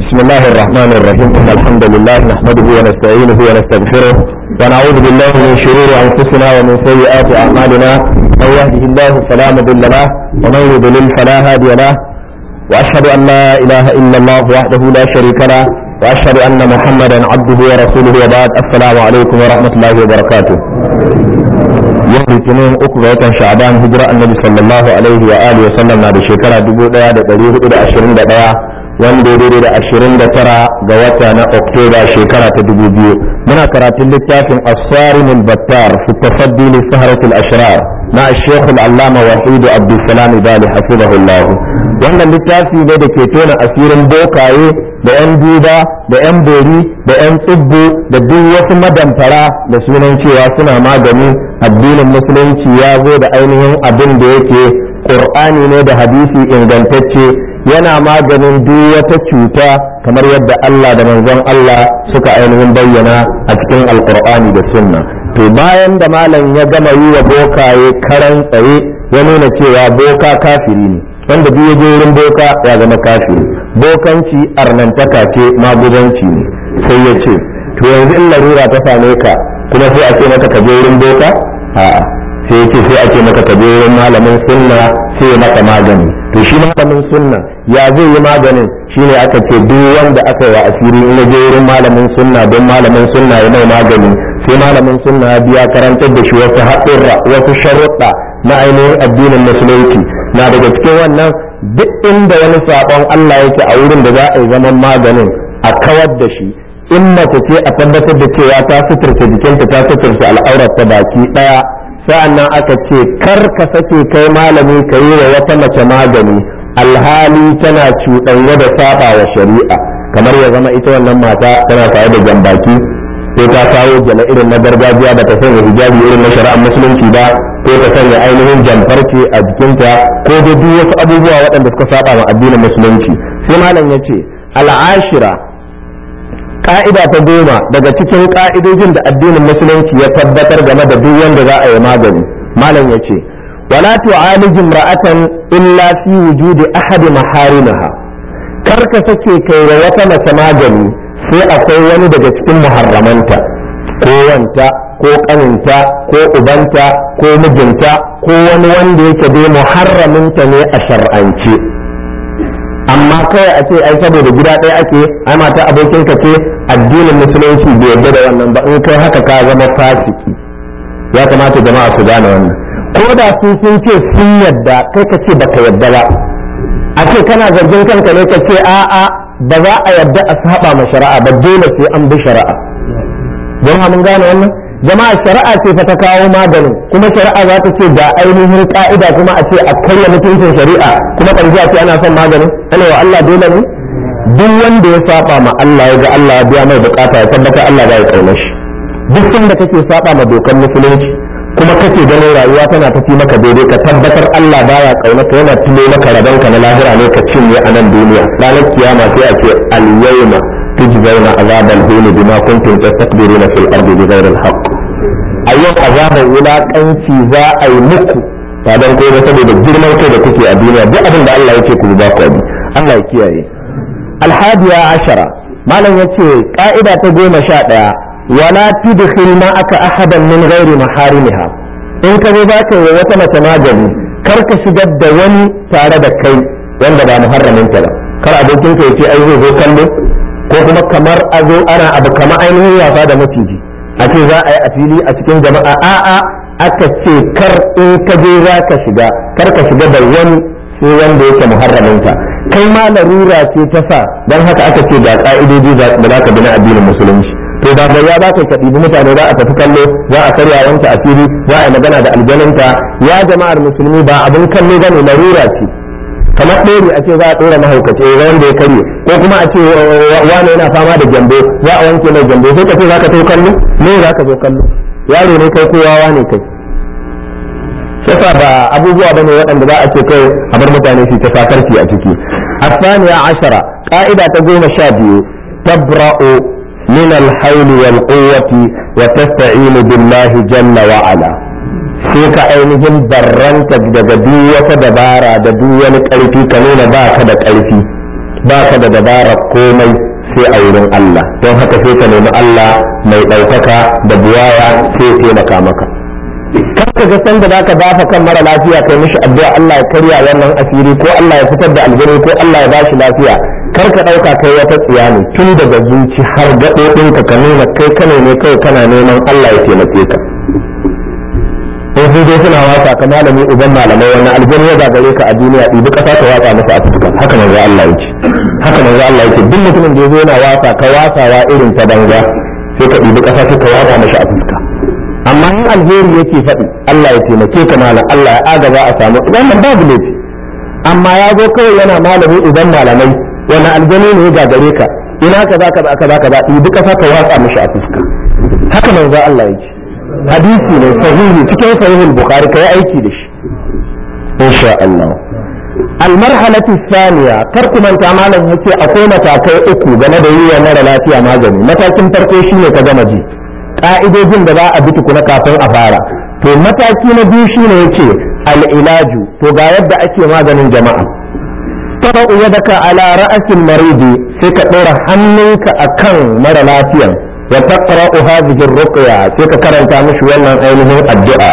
بسم الله الرحمن الرحيم إن الحمد لله نحمده ونستعينه ونستغفره ونعوذ بالله من شرور أنفسنا ومن سيئات أعمالنا من يهده الله فلا مضل له ومن يضلل فلا هادي له وأشهد أن لا إله إلا الله وحده لا شريك له وأشهد أن محمدا عبده ورسوله وبعد السلام عليكم ورحمة الله وبركاته يهدي تنين أقوى ga watan sha'aban hijira annabi sallallahu alaihi wa alihi wa sallam na da wanda daidai da ashirin da tara ga wata na oktoba shekara ta dubu biyu muna karatun littafin asarin albattar fi tafaddi li saharatul ashrar na shekhu al'allama wahidu abdulsalam ibali hafizahullah wannan littafi ne da ke tona asirin bokaye da yan duba da yan bori da yan tsibbi da duk wasu madantara da sunan cewa suna magani addinin musulunci ya zo da ainihin abin da yake ƙur'ani ne da hadisi ingantacce yana maganin duk wata cuta kamar yadda Allah da manzon Allah suka ainihin bayyana a cikin alkur'ani da sunna to bayan da malam ya gama yi wa bokaye karan tsaye ya nuna cewa boka kafiri ne wanda duk ya je wurin boka ya zama kafiri bokanci arnantaka ce magudanci ne sai ya ce to yanzu in larura ta same ka kuma sai a ce maka ka je wurin boka a'a sai ya ce sai a ce maka ka je wurin malamin sunna sai maka magani to shi malamin sunna ya zai yi maganin shine aka ce duk wanda aka yi asiri in ya je wurin malamin sunna don malamin sunna ya mai magani sai malamin sunna ya biya karantar da shi wasu haɗurra wasu sharuɗa na ainihin addinin musulunci na daga cikin wannan duk inda wani saƙon Allah yake a wurin da za a yi zaman maganin a kawar da shi in mace ce a tabbatar da cewa ta suturta jikinta ta suturta al'aurar ta baki ɗaya sa'annan aka ce kar ka sake kai malami ka yi wa wata mace magani alhali tana cuɗanye da saba wa shari'a kamar ya zama ita wannan mata tana tare da jambaki ko ta kawo jala irin na gargajiya ba ta sanya hijabi irin na shari'ar musulunci ba ko ta sanya ainihin jamfarce a jikinta ko da duk wasu abubuwa waɗanda suka saba wa addinin musulunci sai malam ya ce al'ashira ka'ida ta goma daga cikin ka'idojin da addinin musulunci ya tabbatar game da duk wanda za a yi magani malam ya ce wala tu'alij imra'atan illa fi wujudi ahadi maharimaha kar ka sake kai wa wata mace magani sai akwai wani daga cikin muharramanta ko wanta ko kaninta ko ubanta ko mijinta ko wani wanda yake da muharraminta ne a shar'ance amma kawai a ce ai saboda gida ɗaya ake ai mata abokinka ce addinin musulunci bai yarda da wannan ba in kai haka ka zama fasiki ya kamata jama'a su gane wannan ko da su sun ce sun yarda kai ka ce baka yarda ba a ce kana zargin kanka ne ka ce a'a ba za a yarda a saba ma shari'a ba dole sai an bi shari'a jama'a mun gane wannan jama'a shari'a ce fa ta kawo maganin kuma shari'a za ta ce ga ainihin ka'ida kuma a ce a karya mutuncin shari'a kuma ƙarshe a ce ana son maganin ana wa Allah dole ne duk wanda ya saba ma Allah ya ga Allah ya biya mai bukata ya tabbata Allah ba ya kauna shi duk da kake saba ma dokar musulunci kuma kake ganin rayuwa tana tafi maka daidai ka tabbatar Allah baya kauna ka yana tilo maka rabon ka na lahira ne ka cinye a nan duniya ranar kiyama sai a ce al-yawma tujzauna azabal huni bima kuntum tastakbiruna fil ardi bighayri al-haqq a yau azabar wulakanci za a yi muku ba don saboda girman kai da kuke a duniya duk abin da Allah ya ce ku ba ku Allah ya kiyaye alhadiya ashara malam yace ƙa'ida ta goma sha ɗaya wala tudkhil ma aka ahadan min ghairi maharimiha in ka zo zaka yi wata mace gari, kar ka shigar da wani tare da kai wanda ba muharraminta ba kar bikin ka yace ai zai zo kallo ko kuma kamar a ana abu kamar ainihin yafa da maciji a ce za ayi yi a fili a cikin jama'a a'a aka ce kar in ka je za ka shiga kar shiga da wani sai wanda yake muharramin ta kai ma larura ce ta sa don haka aka ce ga ka'idoji da za ka bi na addinin musulunci to ba ya baka ka ɗibi mutane za a tafi kallo za a karya wanka a fili za a yi magana da aljanunta ya jama'ar musulmi ba abin kallo bane larura ce kamar ɗori a ce za a ɗora mahaukaci ga eh, wanda ya karye ko kuma a ce eh, wane yana fama da gyambo za a wanke mai gyambo sai ka ce za ka tau kallo me za ka zo kallo yaro ne kai ko wawa ne kai shafa ba abubuwa ba ne waɗanda za a ce kai a bar mutane su ta sakarci a ciki الثانية عشرة قائدة تقوم شابيو تبرأ من الحول والقوة وتستعين بالله جل وعلا sai ka ainihin barranta daga duk wata dabara da duk wani ƙarfi ka nuna ba ka da ƙarfi ba ka da dabara komai sai a wurin Allah don haka sai ka nemi Allah mai ɗaukaka da buwaya sai ya taimaka maka kanka ga sanda za ka dafa kan mara lafiya kai mishi addu'a Allah ya karya wannan asiri ko Allah ya fitar da albani ko Allah ya bashi lafiya kar ka ɗauka kai wata tsiya ne tun daga zuci har gaɗoɗinka ka nuna kai kana ne kai kana neman Allah ya taimake ka ko sun zo suna wasa ka malami uban malamai wani aljani ya gagare ka a duniya ɗibi ƙasa ta wasa masa a cikin haka manzo Allah yake haka manzo Allah yake duk mutumin da ya zo yana wasa ka wasawa irin ta banza sai ka ɗibi ƙasa ta wasa masa a cikin amma in alheri yake faɗi Allah ya taimake ka malam Allah ya agaza a samu wannan babu ne amma ya zo kawai yana malami idan malamai wani aljani ne ga gare ka ina ka za ka za ka za ka za ɗi kafa ka watsa mishi a fuska haka nan za Allah ya ce hadisi ne sahihi cikin sahihul bukhari kai aiki da shi insha Allah المرحلة الثانية ترك من تعمل هكي أقوم تاكي أكو جنب هي مر لا فيها matakin متى كنت تركي شيء كجمجي ka'idojin da za a bi tukuna kafin a fara to mataki na biyu shine yace al-ilaju to ga yadda ake maganin jama'a tabu yadaka ala ra'asin maridi sai ka ɗora hannunka a kan mara lafiyan wa taqra'u uha ar-ruqya sai ka karanta mishi wannan ainihin addu'a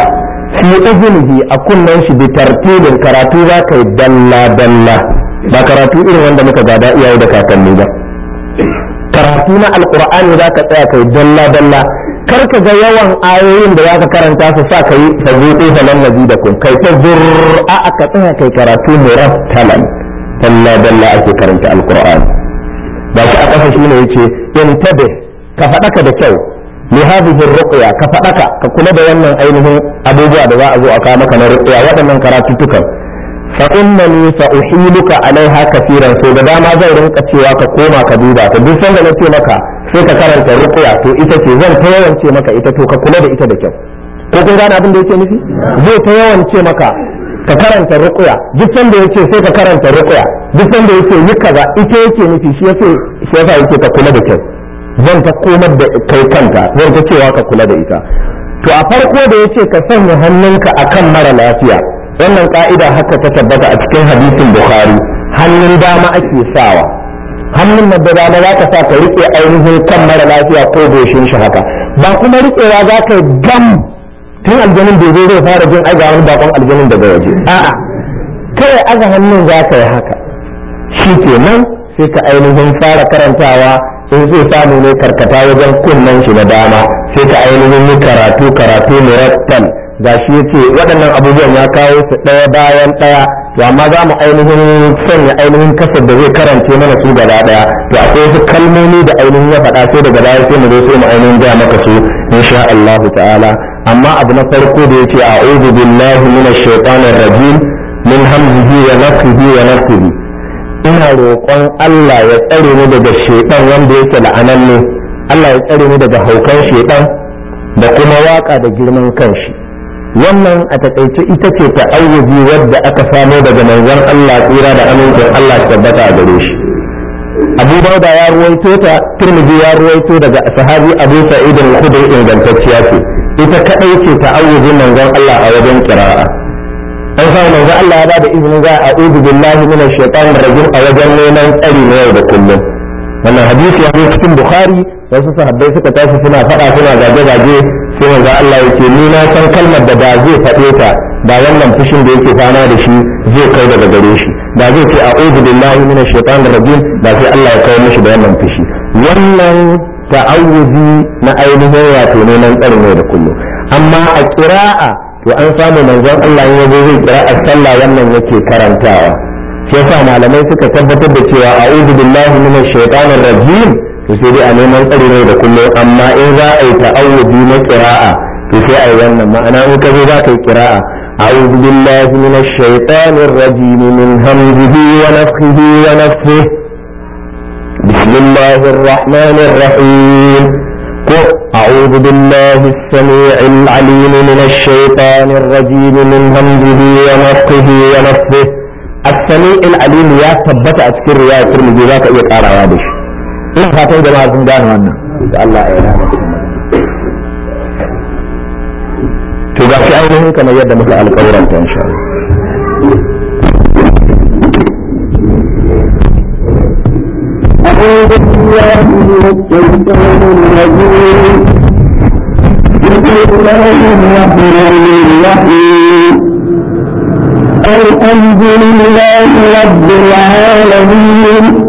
fi izinihi a kunnen shi bi tartibin karatu za ka yi dalla dalla ba karatu irin wanda muka gada iyaye da kakanni ba karatu na Alƙur'ani za ka tsaya kai dalla dalla kar ka ga yawan ayoyin da ka karanta su sa ka yi kai fa zuqu da kun kai ta a ka tsaya kai karatu murattalan talla dalla ake karanta Alƙur'an. ba shi a ne yake in tabe ka faɗaka da kyau li hadhihi ruqya ka faɗaka, ka kula da wannan ainihin abubuwa da za a zo a kawo maka na ruqya waɗannan karatutukan fa innani fa uhiluka alaiha kafiran so da dama zai rinka cewa ka koma ka duba ka duk sanda na ce maka sai ka karanta rukuya to ita ce zan ta yawan ce maka ita to ka kula da ita da kyau ko kun gane abin da yake nufi zai ta yawan ce maka ka karanta rukuya duk sanda yace sai ka karanta rukuya duk sanda yace yi kaza ita yake nufi shi yace shi yasa yake ka kula da kyau zan ta komar da kai kanka zan ta cewa ka kula da ita to a farko da yace ka sanya hannunka akan mara lafiya wannan ka'ida haka ta tabbata a cikin hadisin bukhari hannun dama ake sawa hannun na da dama za ka sa ka riƙe ainihin kan mara lafiya ko goshin shi haka ba kuma riƙewa za ka gam tun aljanin bai zo zai fara jin aiga wani bakon aljanin daga waje a'a kawai aza hannun za ka yi haka shi nan sai ka ainihin fara karantawa in zai samu ne karkata wajen kunnen shi na dama sai ka ainihin yi karatu karatu murattal ga shi ya ce waɗannan abubuwan ya kawo su ɗaya bayan ɗaya to amma za mu ainihin sanya ainihin kasar da zai karance mana su gaba daya to akwai wasu kalmomi da ainihin ya faɗa sai daga baya sai mu zo sai mu ainihin ga maka su insha Allah ta'ala amma abu na farko da yace a'udhu billahi minash shaitanir rajim min hamzihi wa nafsihi wa nafsihi ina roƙon Allah ya tsare ni daga shaitan wanda yake la'ananne Allah ya tsare ni daga haukan shaitan da kuma waka da girman kanshi wannan a takaice ita ce ta ayyubi wadda aka samo daga manzon Allah tsira da amincin Allah tabbata a gare shi Abu Dauda ya ruwaito ta Tirmidhi ya ruwaito daga sahabi Abu Sa'id al-Khudri ingantacciya ce ita kadai ce ta ayyubi manzon Allah a wajen qira'a an samu manzon Allah ya ba da izinin za a a'udhu billahi minash shaitanir rajim a wajen neman tsari na yau da kullum wannan hadisi ya zo cikin Bukhari wasu sahabbai suka tashi suna faɗa suna gaje-gaje sai manzo Allah yake ni na san kalmar da ba zai faɗe ta ba wannan fushin da yake fama da shi zai kai daga gare shi ba zai ce a'udhu billahi minash shaitanir rajim ba sai Allah ya kawo mishi da wannan fushi wannan ta'awudi na ainihin wato neman tsarin yau da kullum amma a kira'a to an samu manzon Allah ya zo zai kira'a sallah wannan yake karantawa shi yasa malamai suka tabbatar da cewa a'udhu billahi minash shaitanir rajim to sai dai a neman tsari ne da kullum amma in za a yi ta'awudi na kira'a to sai a yi wannan ma'ana in ka zo za ka yi kira'a أعوذ بالله من الشيطان الرجيم من همزه ونفخه ونفخه بسم الله الرحمن الرحيم أعوذ بالله السميع العليم من الشيطان الرجيم من همزه ونفخه ونفخه السميع العليم يا ثبت أذكر يا ترمذي ذاك إيه ina fatan jama'a sun gane wannan da Allah ya yarda to ga shi ainihin kamar yadda muka alƙawuranta insha أعوذ بالله من الشيطان الرجيم بسم الله الرحمن الرحيم الحمد لله رب العالمين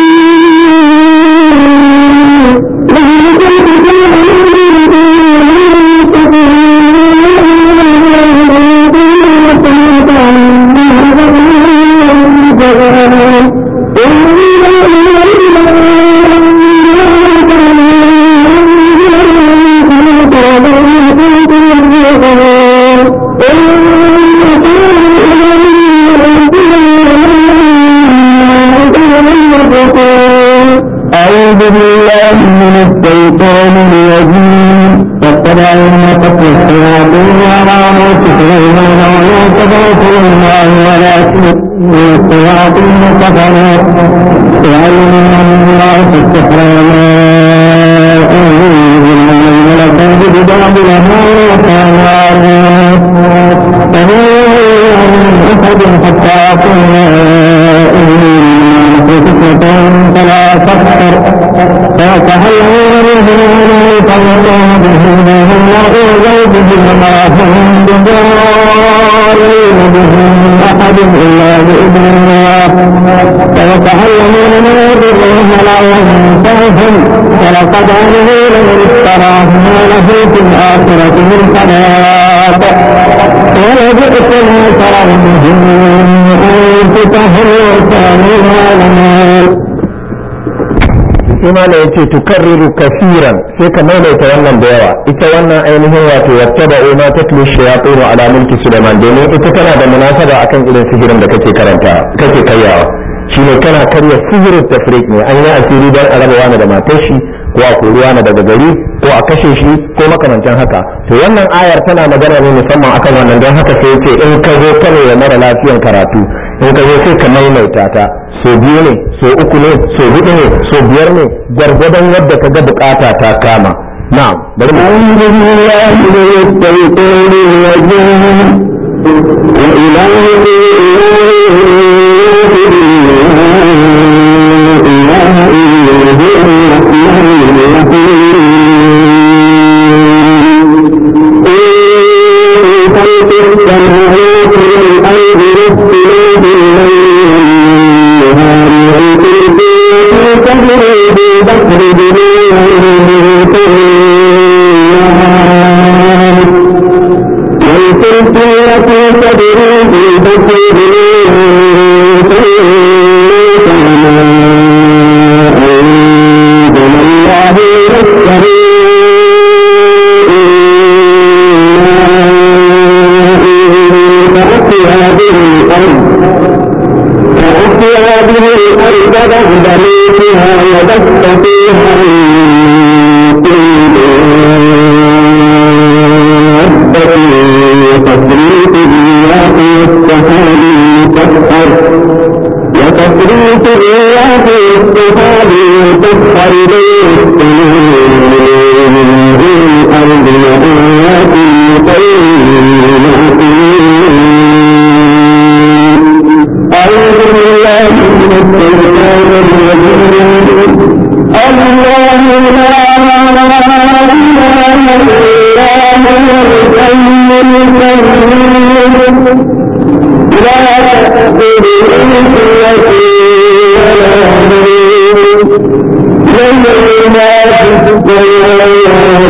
لقد علموا لمن اشتراه ما له عليهم البنات ya ce tukarriru kasiran sai ka maimaita wannan da yawa ita wannan ainihin wato wacce da ma ta tulu shayatinu ala mulki suleiman domin ita tana da munasaba akan irin sihirin da kake karanta kake karyawa shine kana karya sihirin tafrik ne an yi asiri dan arabawa na da matashi ko a koruwa na daga gari ko a kashe shi ko makamancin haka to wannan ayar tana magana ne musamman akan wannan don haka sai ce in ka zo kare ya mara lafiyan karatu in ka zo sai ka maimaita ta so biyu ne so uku ne so hudu ne so biyar ne gwargwadon yadda ka ga bukata ta kama na'am bari mu وإلهي إله إلا Senhor.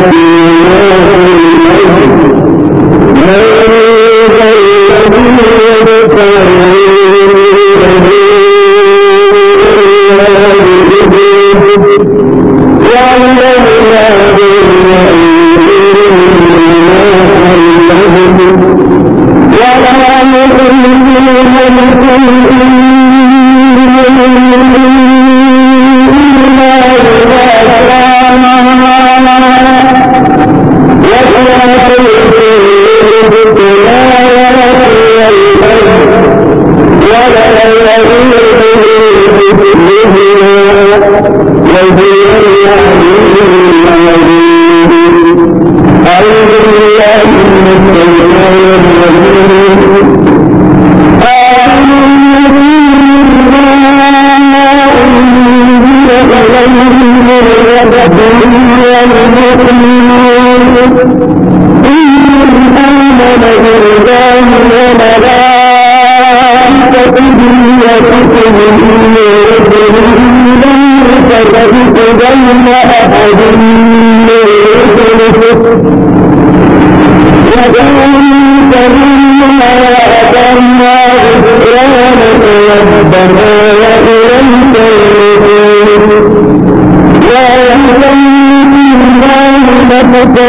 ربنا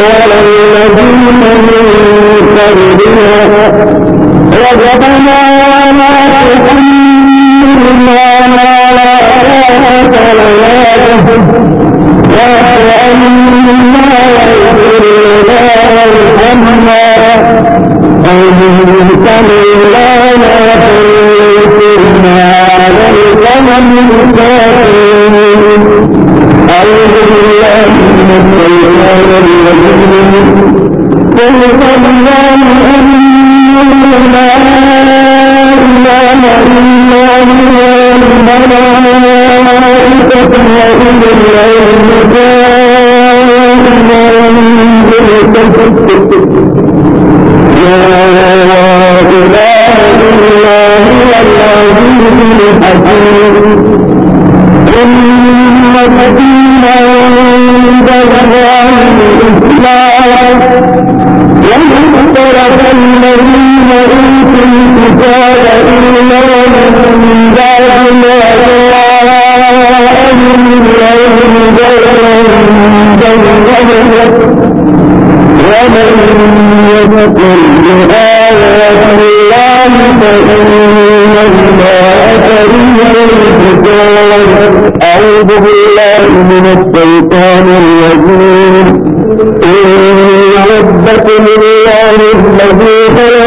على الذين من قبلنا وجعلنا على تحملنا ما لا طاقة لنا به واعف عنا واغفر لنا وارحمنا أنت مولانا فانصرنا على القوم الكافرين أعوذ بالله من الشيطان الرجيم قل الله أنه لا إله إلا هو الملائكة وأولو العلم قائما بالقسط لا إله إلا هو العزيز الحكيم إن كثيرا الكتاب إلا من بعد ما جاءهم من الشيطان الرجيم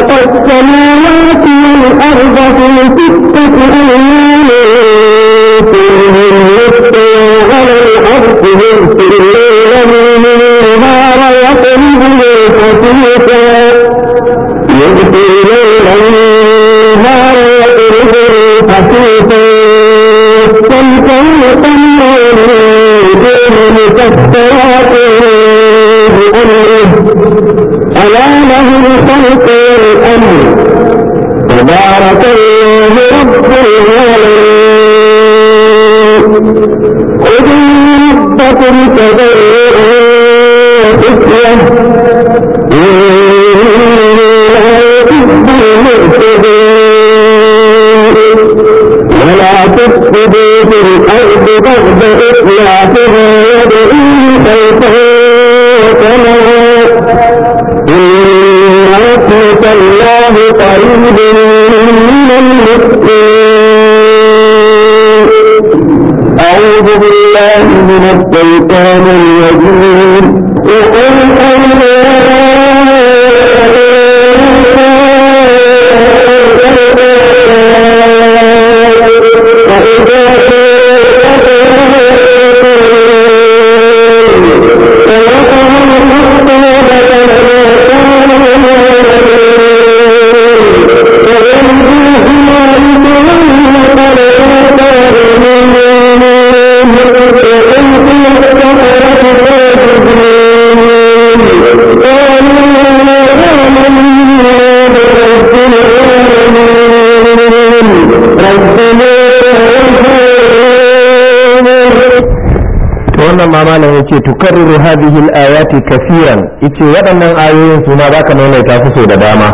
ma malam yace tukarriru hadhihi al-ayati kaseeran yace waɗannan ayoyin su ma zaka maimaita su da dama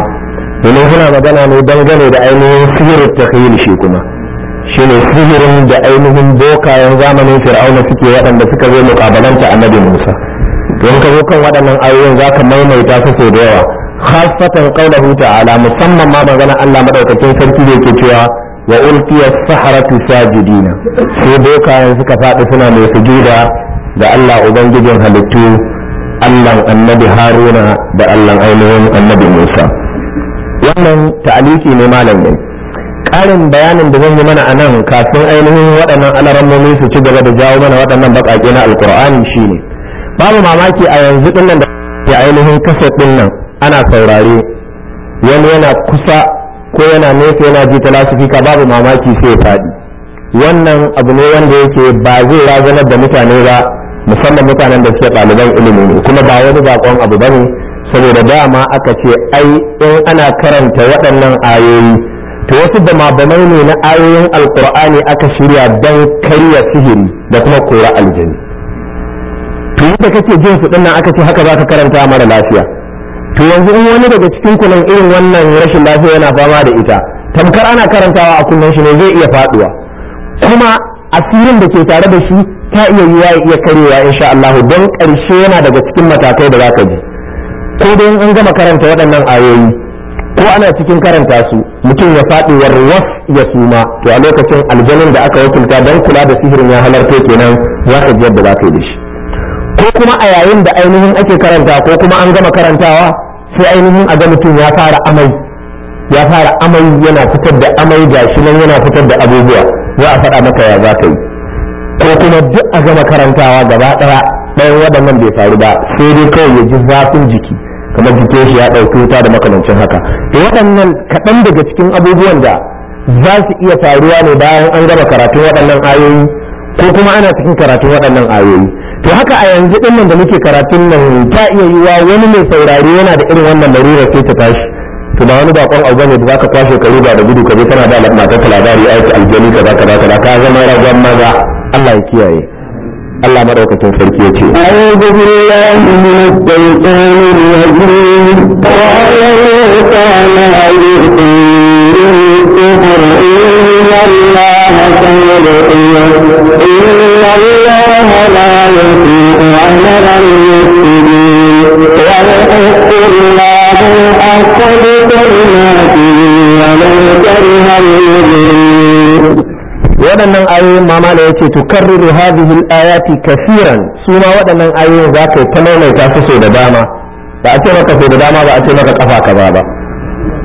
domin suna magana ne dangane da ainihin sihirin takhayyul shi kuma shine sihirin da ainihin bokayen zamanin fir'auna suke waɗanda suka zo mukabalanta annabi Musa don ka zo kan waɗannan ayoyin zaka maimaita su da yawa khasatan qawluhu ta'ala musamman ma magana Allah madaukakin sarki da yake cewa wa ulqiya as sahara sajidina sai bokayen suka faɗi suna mai sujuda Da Allah ubangijin halittu Allah annabi Haruna da Allah ainihin annabi Musa wannan ta'aliki ne malam ne bayanin da zan yi mana a nan kafin ainihin waɗannan alarammomi su ci gaba da jawo mana waɗannan baƙaƙe na alƙur'ani shine babu mamaki a yanzu ɗin nan da ke ainihin kasa ɗin nan ana saurare wani yana kusa ko yana nesa yana ji ta lasifika babu mamaki sai faɗi wannan abu ne wanda yake ba zai razanar da mutane ba musamman mutanen da suke ɗaliban ilimi ne kuma ba wani bakon abu ba ne saboda dama aka ce ai in ana karanta waɗannan ayoyi to wasu da mabamai ne na ayoyin Alƙur'ani aka shirya don karya sihiri da kuma kora aljani to da kake jin su nan aka ce haka za ka karanta mara lafiya to yanzu in wani daga cikin kunan irin wannan rashin lafiya yana fama da ita tamkar ana karantawa a kunnen shi ne zai iya faɗuwa kuma asirin da ke tare da shi ta iya yiwa ya iya karewa insha Allah don ƙarshe yana daga cikin matakai da za ka ji ko don an gama karanta waɗannan ayoyi ko ana cikin karanta su mutum ya faɗi warwaf ya suma to a lokacin aljanin da aka wakilta don kula da sihirin ya halarta kenan za ka ji yadda za ka yi da shi ko kuma a yayin da ainihin ake karanta ko kuma an gama karantawa sai ainihin a ga mutum ya fara amai ya fara amai yana fitar da amai gashi nan yana fitar da abubuwa za a faɗa maka ya za ka yi ko kuma duk a gama karantawa gaba ɗaya ɗayan waɗannan bai faru ba sai dai kawai ya ji zafin jiki kamar jikin shi ya ɗauki wuta da makamancin haka to waɗannan kaɗan daga cikin abubuwan da za su iya faruwa ne bayan an gama karatun waɗannan ayoyi ko kuma ana cikin karatun waɗannan ayoyi to haka a yanzu ɗin nan da muke karatun nan ta iya yiwa wani mai saurari yana da irin wannan larura sai ta tashi to ba wani bakon abu ne da zaka kwashe ka ruga da gudu ka je kana da matarka labari aiki aljani kaza kaza kaza ka zama ragon maza Allah ya kiyaye Allah madaukakin sarki ya ce a'udhu billahi minash shaitanir rajim qala la waɗannan ayoyin mamala ya ce tukarriru hadhihi al-ayati kaseeran su ma waɗannan ayoyin za ka ta maimaita su so da dama ba a ce maka so da dama ba a ce maka kafa ka ba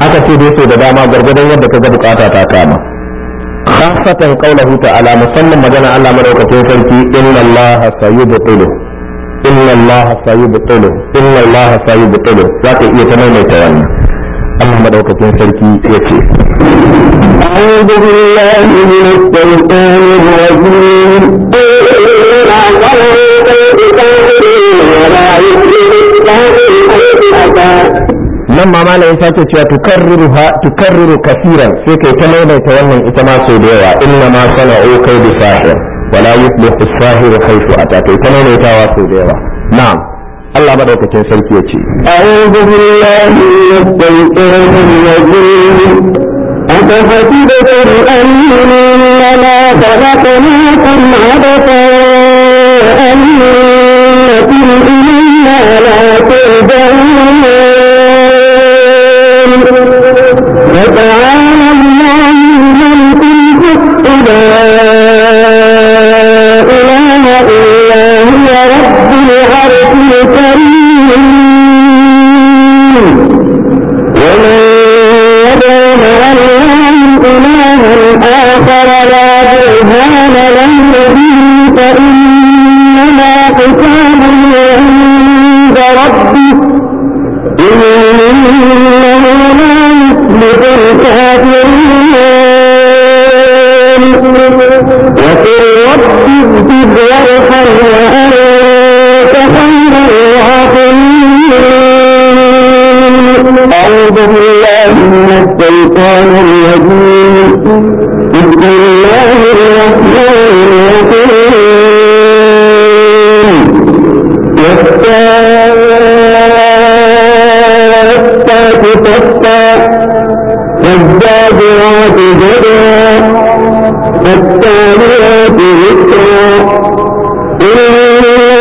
aka ce dai so da dama gargadon yadda ka ga bukata ta kama khasatan qawluhu ta'ala musamman magana Allah madaukakin sarki inna Allah sayubtilu inna Allah sayubtilu inna Allah sayubtilu za ka iya ta maimaita wannan Allah madaukakin sarki ya ce أعوذ بالله من الشيطان الرجيم nan ma malam ya sake cewa tukarriru ha tukarriru kasiran sai kai ta ta wannan ita ma sau da yawa inna ma sana'u kai bi sahir wala yuflihu sahiru haythu ata kai ta maimaitawa sau da yawa na'am Allah madaukakin sarki ya ce a'udhu billahi minash shaitanir rajim أتحسبتم أنما خلقناكم عبثا وأنكم لا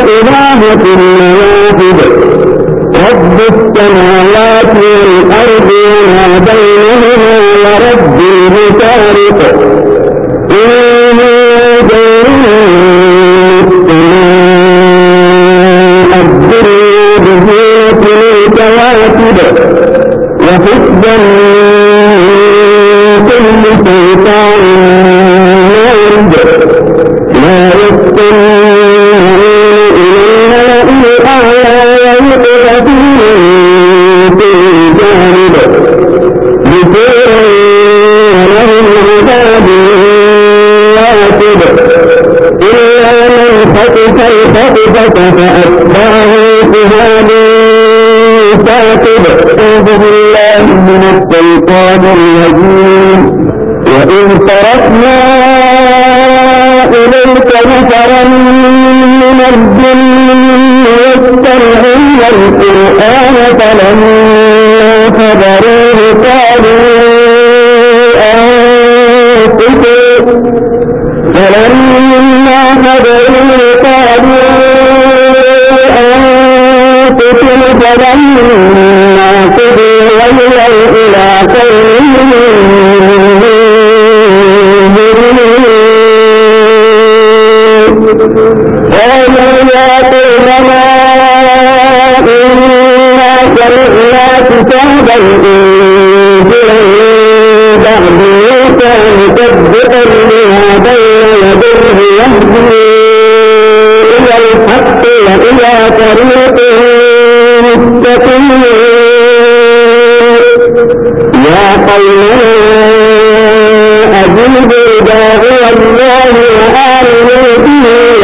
إلهكم واحد رب السماوات والأرض وما بينهما ورب المشارق إنه الدنيا بزينة الكواكب وحفظا الشيطان الرجيم وإن تركنا إليك نفرا من الجن يستمعون القرآن فلما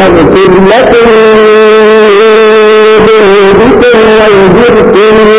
يغفر لكم ذنوبكم ويجركم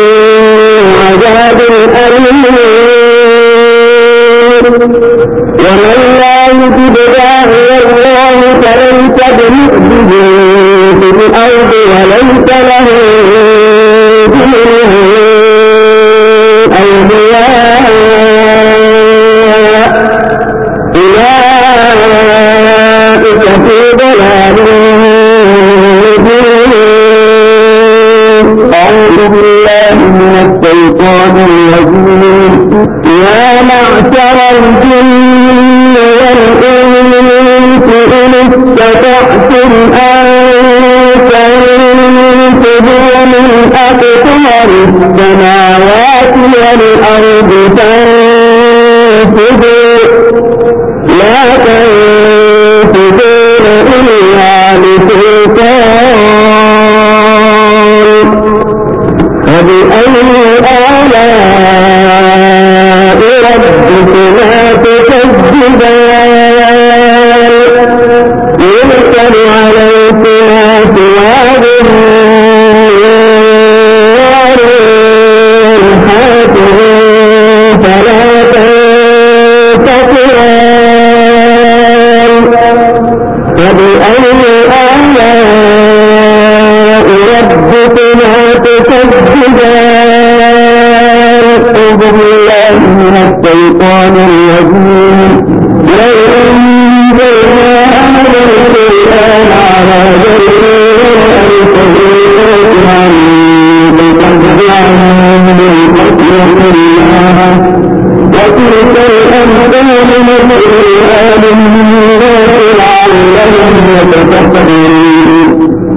تتقين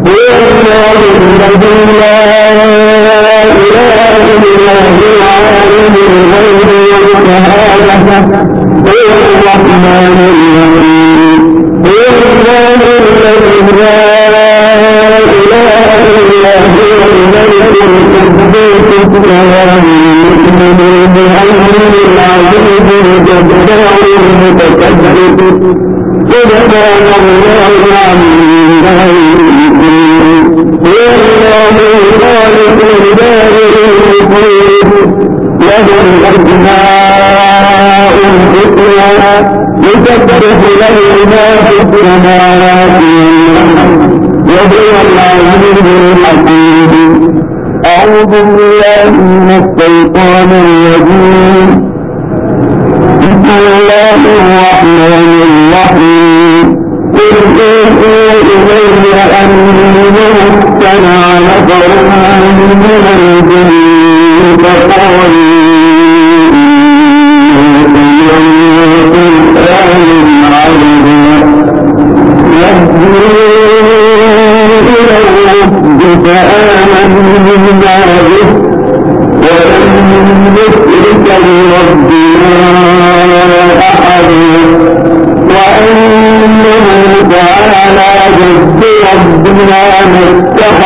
هو الله الذي لا إله إلا هو عالم الغيب والشهادة هو الرحمن الرحيم هو الله الذي لا إله إلا هو الملك القدوس السلام المؤمن المهيمن العزيز الجبار المتكبر سبحان الله يسبح له ما في السماوات وهو العزيز الحكيم أعوذ بالله من الشيطان الرجيم بسم الله الرحمن الرحيم أوحوا إلي أنه اطلع نفر من الجن فقالوا قرآن عظيم يهدي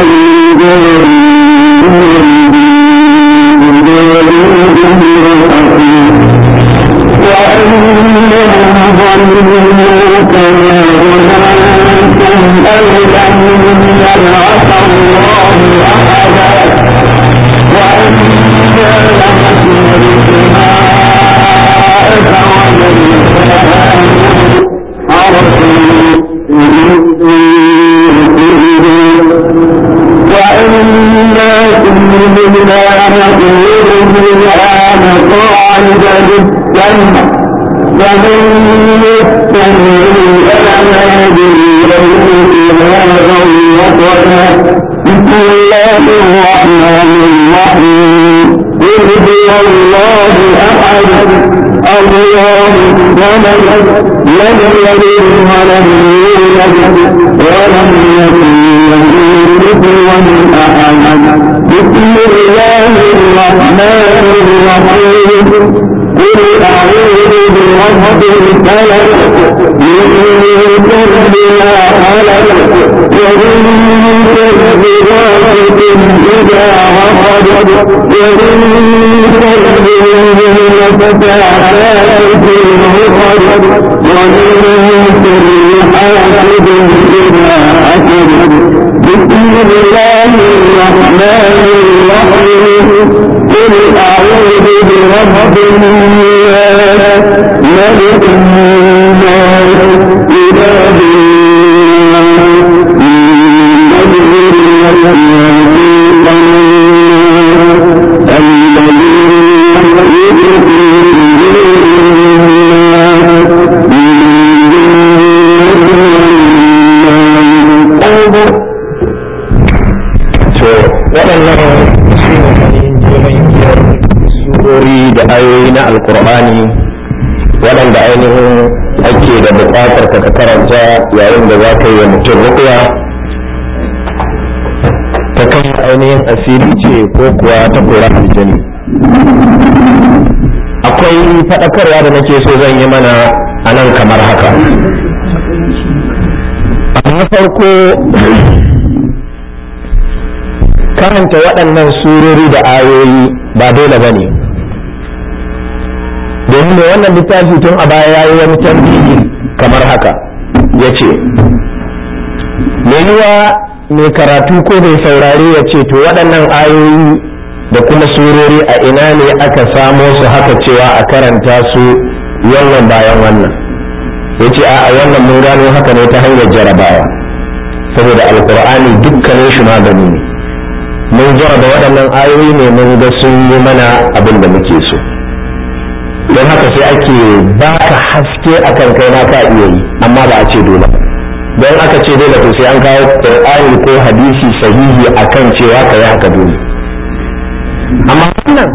India ولم لم يلد ولم يولد ولم يكن له كفوا أحد بسم الله الرحمن الرحيم قل أعوذ برب الفلق من شر ما خلق ومن شر غاسق إذا وقب ومن شر النفاثات في العقد ومن شر حاسد إذا حسد بسم الله الرحمن الرحيم قل أعوذ برب الناس ملك الناس alkur'ani waɗanda ainihin ake da buƙatar ka karanta yayin da za ka yi mutum rukuya ta kan ainihin asiri ce ko kuwa ta kora aljani akwai faɗakarwa da nake so zan yi mana a nan kamar haka na farko karanta waɗannan surori da ayoyi ba dole ba ne kuma wannan littafi tun a baya yayi wani tambayi kamar haka yace yiwa mai karatu ko mai saurari ya ce to waɗannan ayoyi da kuma surori a ina ne aka samo su haka cewa a karanta su wannan bayan wannan ya ce a wannan mun gano haka ne ta hanyar jarabawa saboda alkur'ani dukkanin shi magani ne mun jaraba waɗannan ayoyi ne mun ga sun yi mana abin da muke so don haka sai ake ba ka haske akan kai ma ka iya yi amma ba a ce dole don aka ce dole to sai an kawo qur'ani ko hadisi sahihi akan cewa ka yi haka dole amma wannan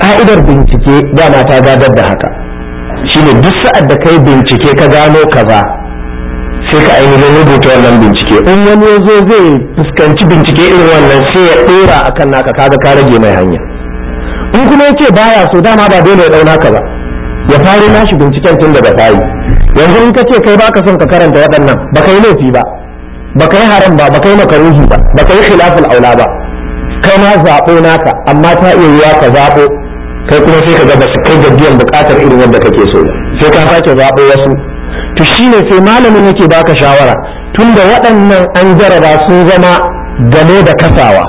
ka'idar bincike dama ta gadar da haka shi ne duk sa'ad da kai bincike ka gano ka ba sai ka ainihin rubuta wannan bincike in wani ya zo zai fuskanci bincike irin wannan sai ya a kan naka kaga ka rage mai hanya kuma ya ce baya so dama ba dole ya ɗauna ka ba ya fari nashi binciken tun da ba ta yi yanzu in ka ce kai baka son ka karanta waɗannan ba kai laifi ba ba kai haram ba ba kai makaruhi ba ba kai khilaful aula ba kai ma zaɓo naka amma ta iya yiwa ka zabo kai kuma sai ka ga ba kai ga biyan bukatar irin wanda kake so sai ka sake zaɓo wasu to shine sai malamin yake baka shawara tunda waɗannan an jaraba sun zama game da kasawa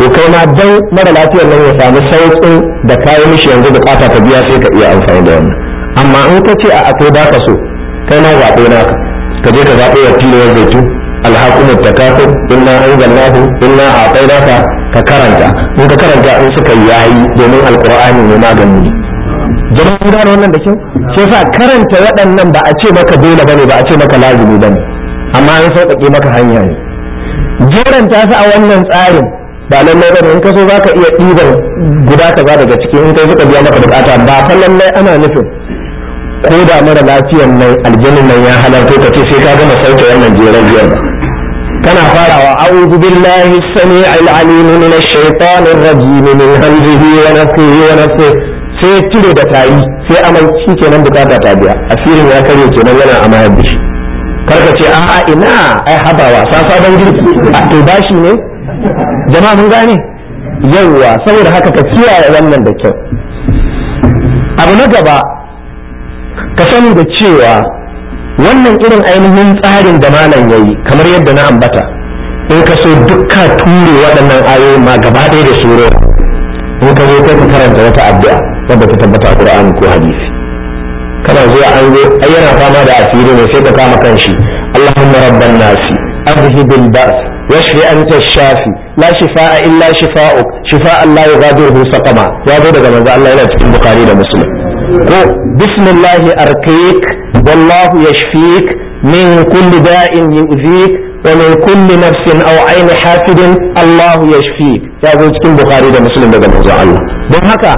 to kai ma dan mara lafiyar nan ya samu sauƙin da kayi mishi yanzu bukata ta biya sai ka iya amfani da wannan amma in ka ce a akwai baka so kai ma zaɓe naka ka je ka zaɓe ya tilo wanda tu alhakumut takasur inna anzalnahu inna a'tainaka ka karanta in ka karanta in suka yayi domin alqur'ani ne magani ne jama'a kun gane wannan da kyau sai sa karanta waɗannan ba a ce maka dole bane ba a ce maka lazimi bane amma an sauƙaƙe maka hanya ne ta su a wannan tsarin ba lallai bane in ka so zaka iya ɗiban guda kaza daga cikin in kai suka biya maka bukata ba fa lallai ana nufin ko da mara lafiyan nan aljinin nan ya halarta ka ce sai ka gama sauke wannan jeran biyar ba kana farawa a'udhu billahi as-sami'il 'alim min ash-shaytanir rajim min hamzihi wa nafsihi wa nafsihi sai cire da tayi sai amal cike kenan bukata ta biya asirin ya kare kenan yana amai da shi karka ce a'a ina ai haba Sa sabon girki to bashi ne jama'a mun gane yauwa saboda haka ka kiyaye wannan da kyau abu na gaba ka sani da cewa wannan irin ainihin tsarin da malam ya yi kamar yadda na ambata in ka so dukka ture waɗannan ayoyin ma gaba ɗaya da sure in ka zo kai ka karanta wata addu'a wadda ta tabbata a Qur'ani ko hadisi kana zuwa an zo yana fama da asiri ne sai ka kama kan shi. Allahumma rabban nasi أذهب البأس واشف أنت الشافي لا شفاء إلا شفاؤك شفاء لا يغادره سقما يا ابو دغه manzo Allah yana cikin Bukhari da Muslim ko bismillah arkik wallahu yashfik min kulli da'in yu'zik min kulli nafsin aw ayn hasidin Allah yashfik ya zo cikin Bukhari da Muslim daga manzo Allah don haka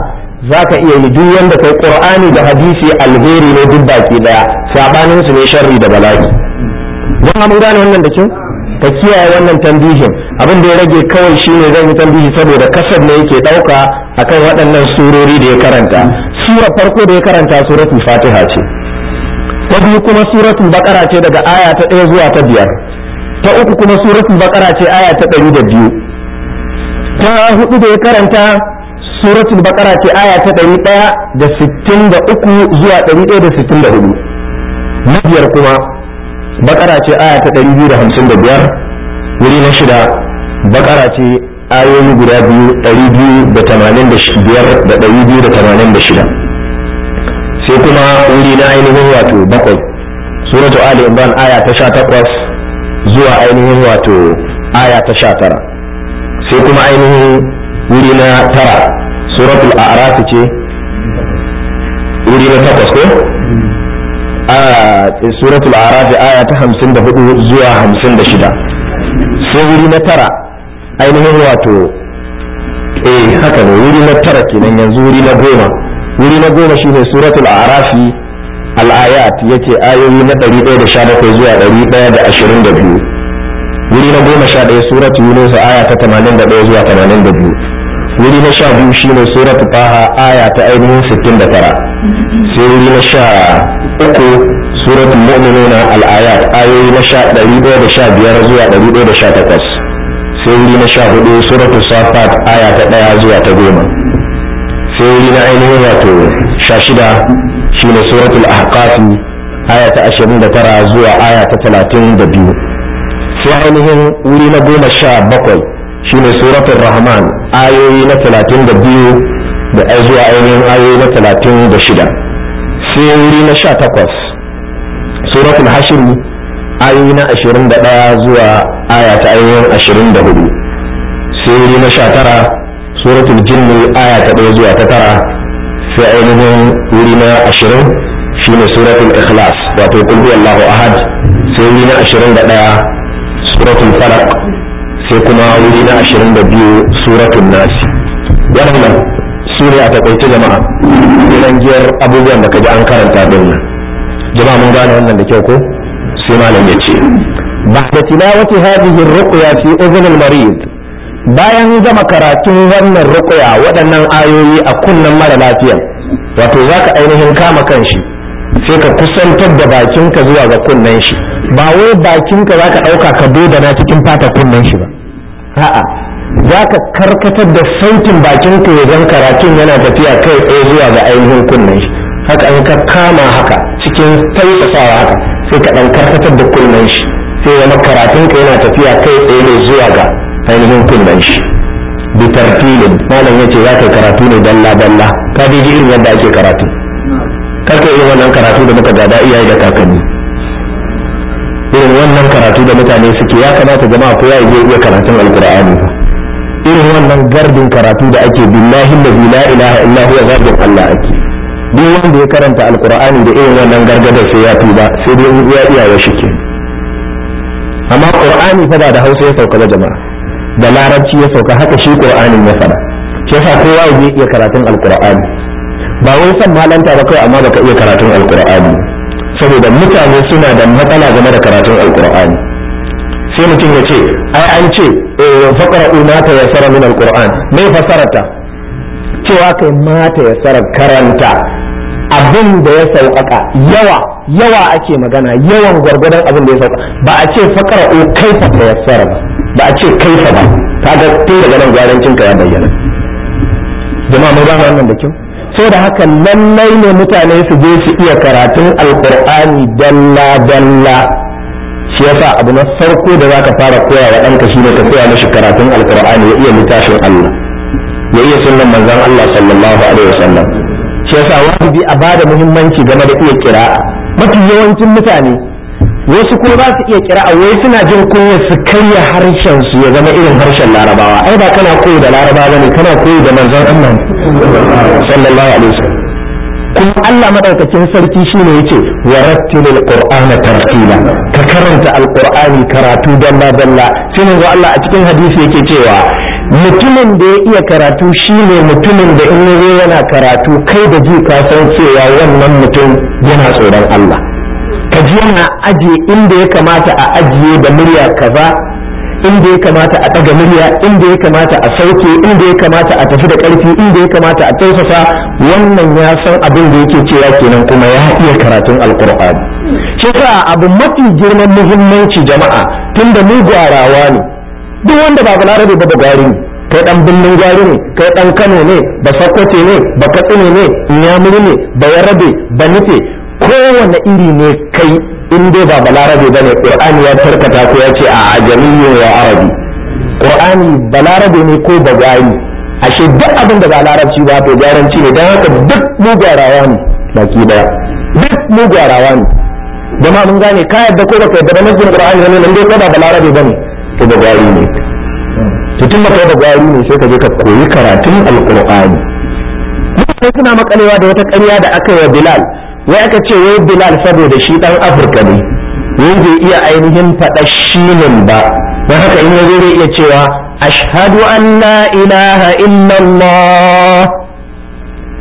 zaka iya yi duk yanda kai ƙur'ani da hadisi alheri ne duk baki daya Saɓaninsu ne sharri da bala'i don mun gane wannan da kyau ka kiyaye wannan tambihin abin da ya rage kawai shine zan yi tambihi saboda kasar ne yake dauka akan waɗannan surori da ya karanta sura farko da ya karanta suratul fatiha ce ta biyu kuma suratul baqara ce daga aya ta ɗaya zuwa ta biyar ta uku kuma suratul baqara ce aya ta ɗari da biyu ta hudu da ya karanta suratul baqara ce aya ta ɗari ɗaya da sittin da uku zuwa ɗari ɗaya da sittin da hudu na biyar kuma bakara ce aya ta 255 wuri na shida bakara ce ayoyi guda biyu 285 da 286 sai kuma wuri na ainihin wato bakwai suratu ali imran aya ta 18 zuwa ainihin wato aya ta 19 sai kuma ainihin wuri na tara suratul a'raf ce wuri na takwas ko suratul araf aya ta 54 zuwa 56 sai wuri na tara ainihin wato eh haka ne wuri na tara kenan yanzu wuri na goma wuri na goma shine suratul arafi al-ayat yake ayoyi na 117 zuwa 122 wuri na goma sha ɗaya suratul yunus aya ta 81 zuwa 82 wuri na sha biyu shine suratu taha aya ta ainihin 69 sai wuri na sha uku suratul mu'minuna al-ayat ayoyi na 115 zuwa 118 sai wuri na 14 suratul safat aya ta 1 zuwa ta 10 sai wuri na ainihin wato 16 shine suratul ahqaf aya ta 29 zuwa aya ta 32 sai ainihin wuri na 17 shine suratul rahman ayoyi na 32 da zuwa ainihin ayoyi na 36 sai wuri na sha takwas suratul hashiri ayoyi na ashirin da ɗaya zuwa aya ta ayoyin ashirin da hudu sai wuri na sha tara suratul jinni aya ta ɗaya zuwa ta tara sai ainihin wuri na ashirin shi ne suratul ikhlas wato kulbi allahu ahad sai wuri na ashirin da ɗaya suratul falaq sai kuma wuri na ashirin da biyu suratul nasi waɗannan su ne a takwaice jama'a idan giyar abubuwan da kaji an karanta din nan jama'a mun gane wannan da kyau ko sai malam ya ce tilawati تلاوة ruqya fi udhun al-Marid, bayan gama karatun wannan ruqya waɗannan ayoyi a kunnen mara lafiya wato zaka ainihin kama kanshi sai ka kusantar da bakinka zuwa ga kunnen shi ba wai bakinka za ka ɗauka ka na cikin fata kunnen shi ba a'a za ka karkatar da sautin bakin ka wajen karatun yana tafiya kai tsaye zuwa ga ainihin kunnen shi haka an ka kama haka cikin tausasawa haka sai ka ɗan karkatar da kunnen shi sai zama karatun ka yana tafiya kai tsaye ne zuwa ga ainihin kunnen shi bi tartilin malam yace za ka karatu ne dalla dalla ka dai irin yadda ake karatu karka yi wannan karatu da muka gada iyaye da kakanni irin wannan karatu da mutane suke ya kamata jama'a ko ya iya karatun alkur'ani irin wannan gardin karatu da ake billahi allazi la ilaha illa huwa gardin Allah ake duk wanda ya karanta alqur'ani da irin wannan gargadar sai ya tuba sai dai ya iya ya shike amma qur'ani fa da Hausa ya sauka jama'a da larabci ya sauka haka shi qur'anin ya fada shi yasa kowa ya iya karatun alqur'ani ba wai san malanta ba kai amma baka iya karatun alqur'ani saboda mutane suna da matsala game da karatun alqur'ani sai mutum ya ce ai an ce Eh, faqra'u ma tayassara min alquran me fasarata cewa kai ma tayassara karanta abin da ya sauƙaƙa yawa yawa ake magana yawan gwargwadon abin da ya sauƙaƙa ba a ce u kaifa ya ba ba a ce kaifa ba kaga tun daga nan gwarancin ka ya bayyana jama'a mun gane wannan da kyau da haka lallai ne mutane su je su iya karatun alqur'ani dalla dalla shi yasa abu na farko da zaka fara koya wa ɗanka shine ka koya mashi karatun alqur'ani ya iya littafin Allah ya iya sunnan manzon Allah sallallahu alaihi wasallam shi yasa wajibi a bada muhimmanci game da iya kira mafi yawancin mutane wasu kuma ba su iya kira a wai suna jin kunya su karya harshen su ya zama irin harshen larabawa ai ba kana koyi da larabawa ne kana koyi da manzon Allah sallallahu alaihi wasallam kuma Allah madaukakin sarki shine yace wa rattilil qur'ana tartila ka karanta alqur'ani karatu dalla dalla sai manzo Allah a cikin hadisi yake cewa mutumin da ya iya karatu shine mutumin da in yazo yana karatu kai da ji ka san cewa wannan mutum yana tsoron Allah ka ji yana aje inda ya kamata a ajiye da murya kaza inda ya kamata a ɗaga murya inda ya kamata a sauke inda ya kamata a tafi da ƙarfi inda ya kamata a tausasa wannan ya san abin da yake cewa kenan kuma ya iya karatun alkur'ani shi sa abu mafi girman muhimmanci jama'a tun da mu gwarawa ne duk wanda ba balarabe ba ba gwari ne kai ɗan birnin gwari ne kai ɗan kano ne ba sokoto ne ba katsina ne ne ba yarabe ba nufe kowane iri ne kai in dai ba balarabe ba ne ƙur'ani ya tarkata ko ya ce a ajami wa arabi ƙur'ani balarabe ne ko gari ashe duk abin da ba larabci ba to garanci ne don haka duk mu gyarawa ne baki daya duk mu ne da ma mun gane ka yadda ko baka yadda nasu qur'ani ne nan dai ko ba balarabe bane ko ba gari ne to tun baka ba gari ne sai ka je ka koyi karatun alqur'ani sai suna makalewa da wata ƙarya da aka yi wa bilal ya aka ce wai bilal saboda shi dan afirka ne wai zai iya ainihin faɗa shinin ba don haka in ya zai iya cewa ashhadu an la ilaha illallah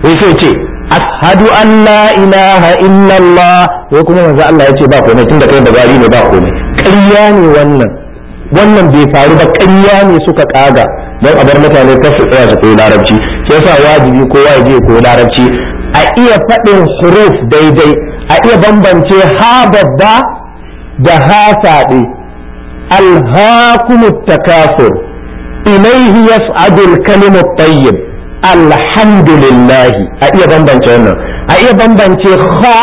wai sai ce ashhadu an la ilaha illallah wai kuma manzo Allah ya ce ba komai tunda kai da gari ne ba komai ƙarya ne wannan wannan bai faru ba ƙarya ne suka kaga don a bar mutane kafin tsaya su koyi larabci sai sa wajibi kowa ya je koyi larabci a iya faɗin huruf daidai a iya bambance ha babba da ha saɗe alhakumut takasur ilaihi yas'adul kalimut tayyib alhamdulillah a iya bambance wannan a iya bambance ha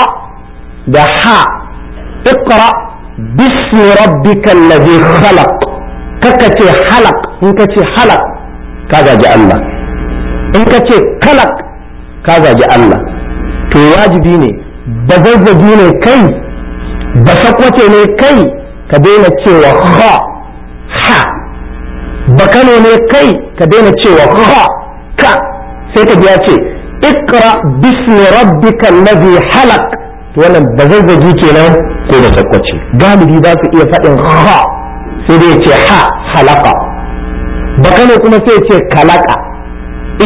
da ha iqra bismi rabbikal ladhi khalaq kaka ce halak in ka ce halak ka gaji Allah in ka ce kalak ka zagi Allah to wajibi ne ba zazzagi ne kai ba sakwace ne kai ka daina cewa ha ha ba kano ne kai ka daina cewa ha ka sai ka biya ce ikra bismi rabbika allazi halak to wannan ba zazzagi kenan ko da sakwace galibi za su iya faɗin ha sai dai ce ha halaka ba kano kuma sai ce kalaka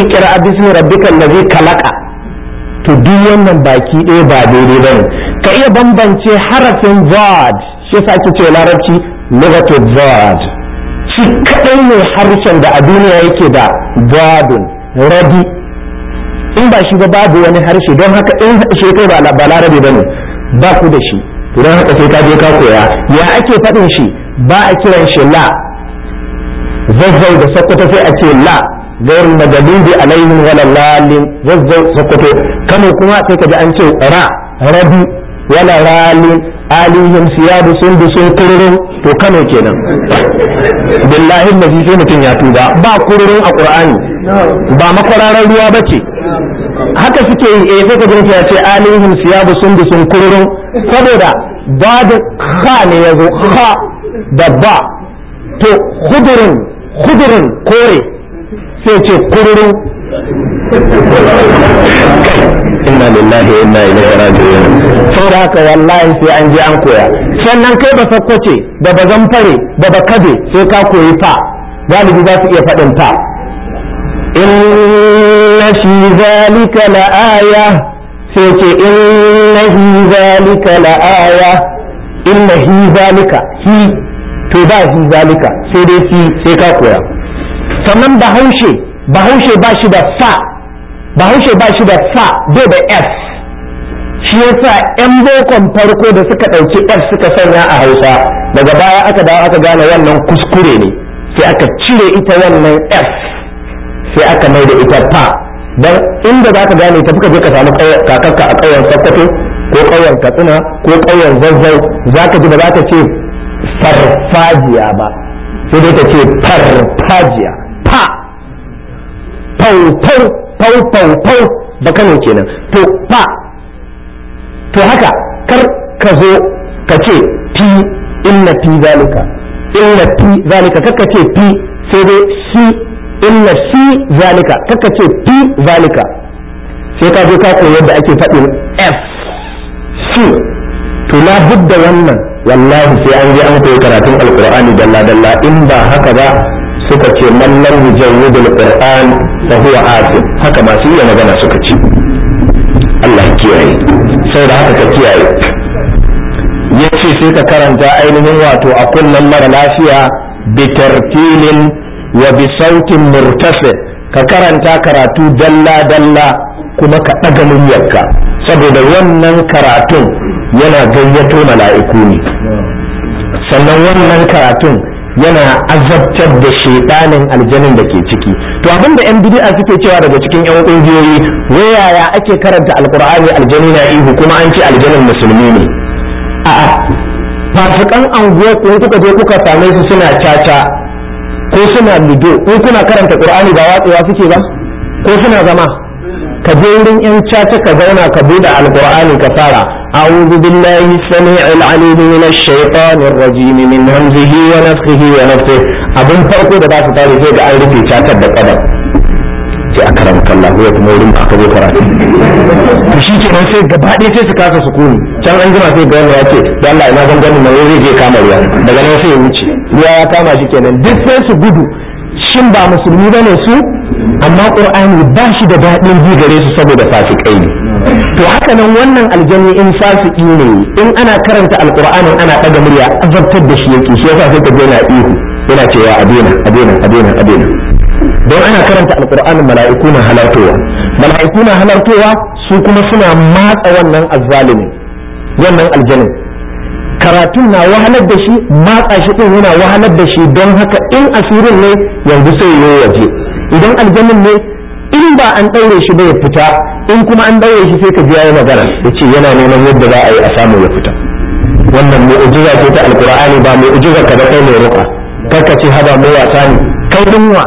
ikira bismi rabbikal ladzi khalaqa to duk wannan baki ɗaya ba daidai bane ka iya bambance harafin zad shi yasa ake cewa larabci lughatu zad shi kadai ne harshen da a duniya yake da zadun rabi in ba shi ba babu wani harshe don haka in shi kai ba larabe bane ba ku da shi to don haka sai ka je ka koya ya ake faɗin shi ba a kiran shi la zazzau da sakkwata sai a ce la غير المغلوب عليهم ولا الضالين زو سكوتو كما كما sai kaji an ce ra rabi wala ralin alihim siyadu sun bi sun kururun to kano kenan billahi nabi sai mutum ya tuba ba kururun a qur'ani ba makwararan ruwa bace haka suke yi eh sai kaji ya ce alihim siyabu sun bi sun kururun saboda ba da kha ne yazo kha da ba to hudurin hudurin kore sai ce kururu inna lillahi wa inna ilaihi raji'un da haka wallahi sai an je an koya sannan kai ba sakkwace da ba zamfare da ba kabe sai ka koyi fa galibi za su iya faɗin fa inna shi zalika la'aya sai ce inna hi zalika la'aya inna hi zalika hi to ba hi zalika sai dai shi sai ka koya sannan bahaushe bahaushe ba shi da fa bahaushe ba shi da fa bai da f shi yasa yan bokon farko da suka ɗauki f suka sanya a hausa daga baya aka dawo aka gane wannan kuskure ne sai aka cire ita wannan f sai aka mai da ita fa don inda za ka gane ta fuka je ka samu kakarka a ƙauyen sakkwato ko ƙauyen katsina ko ƙauyen zazzau za ka ji ba za ka ce farfajiya ba sai dai ta ce farfajiya fautar faufau ba kano kenan to ba to haka kar ka zo ka ce fi inna fi zalika inna fi zalika ka ce fi sai dai shi inna shi zalika ka ce fi zalika sai ka zo ka koyi yadda ake faɗin f shi to la budda wannan wallahi sai an je an koyi karatun alqur'ani dalla dalla in ba haka ba suka ce man lam yujawwid alquran fa huwa asif haka masu iya magana suka ce Allah ya kiyaye sai da haka ka kiyaye yace sai ka karanta ainihin wato a kullum mara lafiya bi tartilin wa bi sautin murtasi ka karanta karatu dalla dalla kuma ka ɗaga muryarka saboda wannan karatun yana gayyato mala'iku ne sannan wannan karatun yana azabtar da shaidanin aljanin da ke ciki to abin da yan bid'a suke cewa daga cikin yan kungiyoyi wayaya ake karanta alqur'ani aljani na ihu kuma an ce aljanin musulmi ne a'a fasikan anguwar ku kuka je kuka same su suna caca ko suna lido ko kuna karanta qur'ani ba watsuwa suke ba ko suna zama ka je wurin yan caca ka zauna ka bude alqur'ani ka fara أعوذ بالله السميع العليم من الشيطان الرجيم من همزه ونفخه ونفخه أبن فرقه دا باسو تاري سيد أن رفي شاكر دا aka ramu kalla ko kuma wurin aka zo karatu to shi ke sai gaba ɗaya sai su kasa sukuni can an jima sai bayan ya ce da Allah ina zan gani mai zai kama ruwa daga nan sai wuce ruwa ya kama shi kenan duk sai su gudu shin ba musulmi bane su amma qur'ani ba shi da daɗin ji gare su saboda fasikai ne to haka nan wannan aljani in fasiki ne in ana karanta Alqur'ani ana ɗaga murya azabtar da shi yake shi yasa sai ka je ihu yana cewa a daina a daina don ana karanta Alqur'ani mala'iku na halartowa mala'iku na halartowa su kuma suna matsa wannan azzalimi wannan aljanin karatun na wahalar da shi matsa shi din yana wahalar da shi don haka in asirin ne yanzu sai yi waje idan aljannin ne in ba an ɗaure shi ba ya fita in kuma an ɗaure shi sai ka ji yayi magana yace yana neman yadda za a yi a samu ya fita wannan mu'jiza ce ta alqur'ani ba mu'jiza ka da kai mai roƙa kaka ce haba mu wasa ne kai dinwa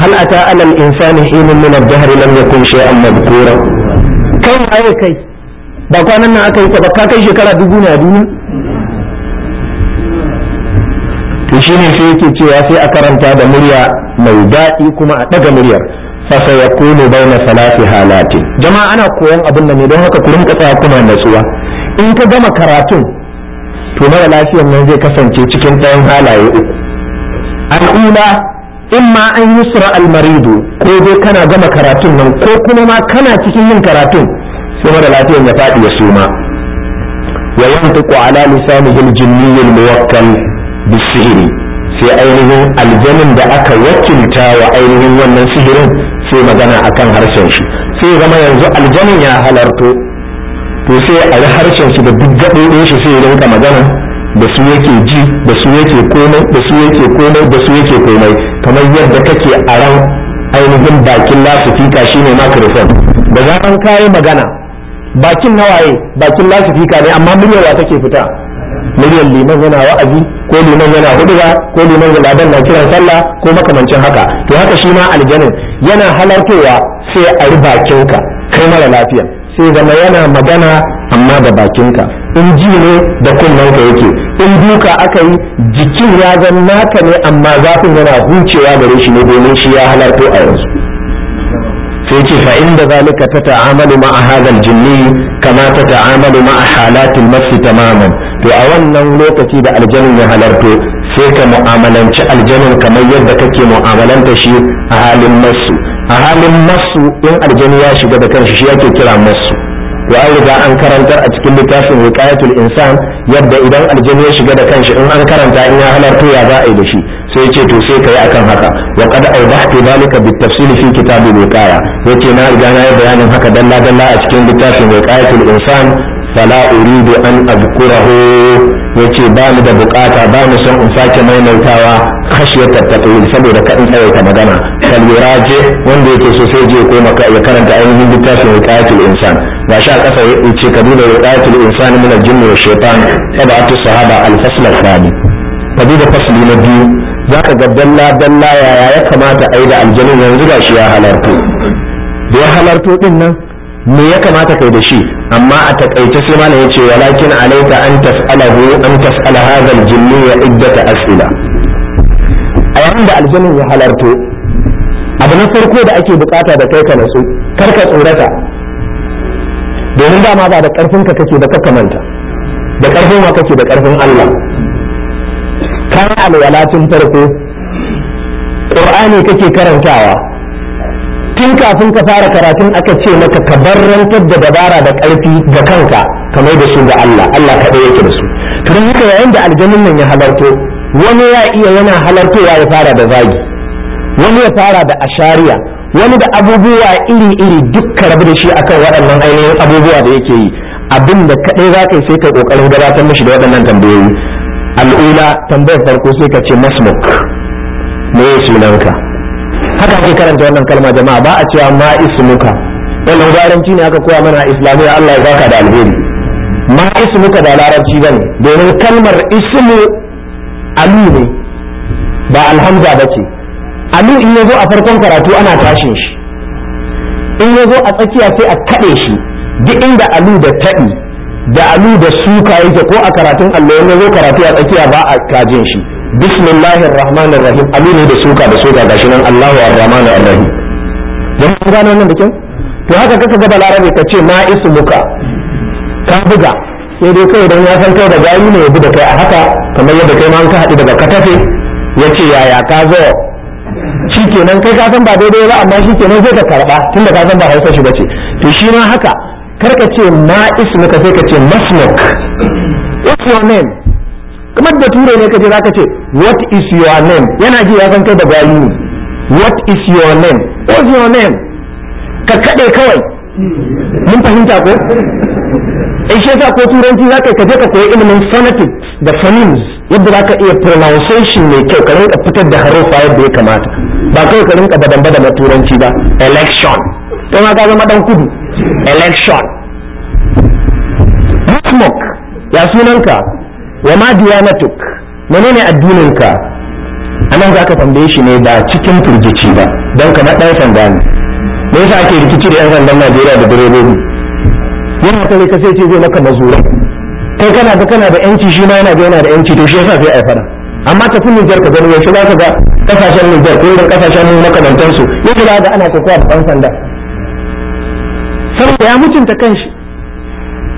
hal ata alal insani hinun min ad-dahr lam yakun shay'an madkura kai waye kai ba kwanan nan aka yi ta ba ka kai shekara dubu na duniya to ne sai yake cewa sai a karanta da murya mai daɗi kuma a ɗaga muryar fasa ya kuno na salafi halati jama'a ana koyon abin nan ne don haka ku ƙasa kuma natsuwa in ka gama karatun to mara lafiyan nan zai kasance cikin ɗayan halaye uku al'ula ma an yi yusra almaridu ko dai kana gama karatun nan ko kuma ma kana cikin yin karatun sai mara lafiyar ya faɗi ya suma wa yantiqu ala lisanihi aljinniyil muwakkal bisihiri sai ainihin aljanin da aka wakilta wa ainihin wannan sihirin sai magana akan harshen shi sai zama yanzu aljanin ya halarto to sai a yi harshen shi da duk gaɗoɗin shi sai rinka magana da su yake ji da su yake komai da su yake komai da su yake komai kamar yadda kake a ran ainihin bakin lasifika shine makarifon da zaran yi magana bakin nawaye bakin lasifika ne amma muryarwa take fita muryar liman yana wa'azi ko liman yana huduba ko liman ladan na kiran sallah ko makamancin haka to haka shi ma aljanin yana halartowa sai a yi bakinka kai mara lafiya sai zama yana magana amma da bakinka in ji ne da kunnanka yake in duka aka yi jikin ya zan naka ne amma zafin yana hucewa gare shi ne domin shi ya halarto a yanzu sai ce fa inda zalika ta ta'amalu ma'a hadal jinni kama ta ta'amalu ma'a halatul mafi tamaman to a wannan lokaci da aljanin ya halarto sai ka mu'amalanci aljanin kamar yadda kake mu'amalanta shi a halin masu a halin masu in aljani ya shiga da kanshi shi yake kira masu to an riga an karantar a cikin littafin wiqayatul insan yadda idan aljani ya shiga da kanshi in an karanta in ya halarto ya za a yi da shi sai ce to sai kai akan haka wa qad awdahtu dhalika bitafsil fi kitab al-wiqaya yace na riga na yi bayanin haka dalla dalla a cikin littafin wiqayatul insan fala uridu an azkurahu yace ba ni da bukata ba ni son in sake maimaitawa khashiyat at saboda ka in tsawaita magana kal yuraji wanda yake so sai je ko maka ya karanta ainihin littafin wiqayatul insan ga sha kasa yace ka duba wiqayatul insan min al-jinni wa shaytan sab'atu sahaba al-fasl al-thani ka duba fasli na biyu zaka ga dalla dalla yaya ya kamata aida aljanna yanzu gashi ya halartu. da ya halarto din nan me ya kamata kai da shi amma a takaice sai malam ya ce walakin alaika an tas'alahu an tas'ala hadha al-jinni ya iddata as'ila a yayin da aljannin ya halarto abu na farko da ake bukata da kai ka nasu kar ka tsorata domin dama ba da karfin ka kake da ka kamanta da karfin ka kake da karfin Allah kana alwalatin farko qur'ani kake karantawa tun kafin ka fara karatun aka ce maka ka barrantar da dabara da ƙarfi ga kanka kamar da su ga Allah Allah kaɗai yake da su to don haka yayin da aljanin nan ya halarto wani ya iya yana halartowa ya fara da zagi wani ya fara da ashariya wani da abubuwa iri-iri duk rabu da shi akan waɗannan ainihin abubuwa da yake yi abin da kaɗai za ka yi sai ka ƙoƙarin gabatar mishi da waɗannan tambayoyi al'ula tambayar farko sai ka ce masmuk me sunanka haka ake karanta wannan kalma jama'a ba a cewa ma ismuka wannan garanci ne aka koya mana a islamiyya Allah ya baka da alheri ma ismuka da larabci bane domin kalmar ismu alu ne ba alhamza ba ce alu in yazo a farkon karatu ana tashin shi in yazo a tsakiya sai a kaɗe shi duk inda alu da taɗi da alu da suka yake ko a karatun allo in karatu a tsakiya ba a kajin shi bismillahir rahmanir rahim aminu da suka da suka gashi nan Allahu ar-rahmanu ar-rahim dan gano nan da kyau to haka kaka ga balarabe ka ce ma ismuka ka buga sai dai kai dan ya san kai da gayi ne ya buga kai a haka kamar yadda kai ma haɗu daga katafe yace yaya ka zo shikenan kai ka san ba daidai ba amma shikenan zai karba tunda ka san ba hausa shi ce to shi ma haka karka ce ma ismuka sai ka ce masmuk what's your name kamar da turai ne kace zaka ce what is your name yana ji ya san kai da bayi ne what is your name what is your name ka kade kawai mun fahimta ko in eh, shi yasa ko turanci zaka ka je ka koyi ilimin phonetics da phonemes yadda zaka iya pronunciation mai kyau ka rinka fitar da harufa yadda ya kamata ba kai ka rinka badan da turanci ba election kai ma ka zama dan kudu election smoke ya sunanka wa ma diyanatuk menene ka anan za ka tambaye shi ne ba cikin firgici ba don kamar ɗan sanda ne me yasa ake rikici da 'yan sandan najeriya da direbobi yana kare ka sai ce zai maka mazura kai kana da kana da yanci shi ma yana da yana da yanci to shi yasa sai ai fara amma ta Nijar jarka gani yaushe za ka ga kasashen Nijar ko irin kasashen makamantansu yaushe za ka ga ana kokowa da ɗan sanda sai ya mutunta kanshi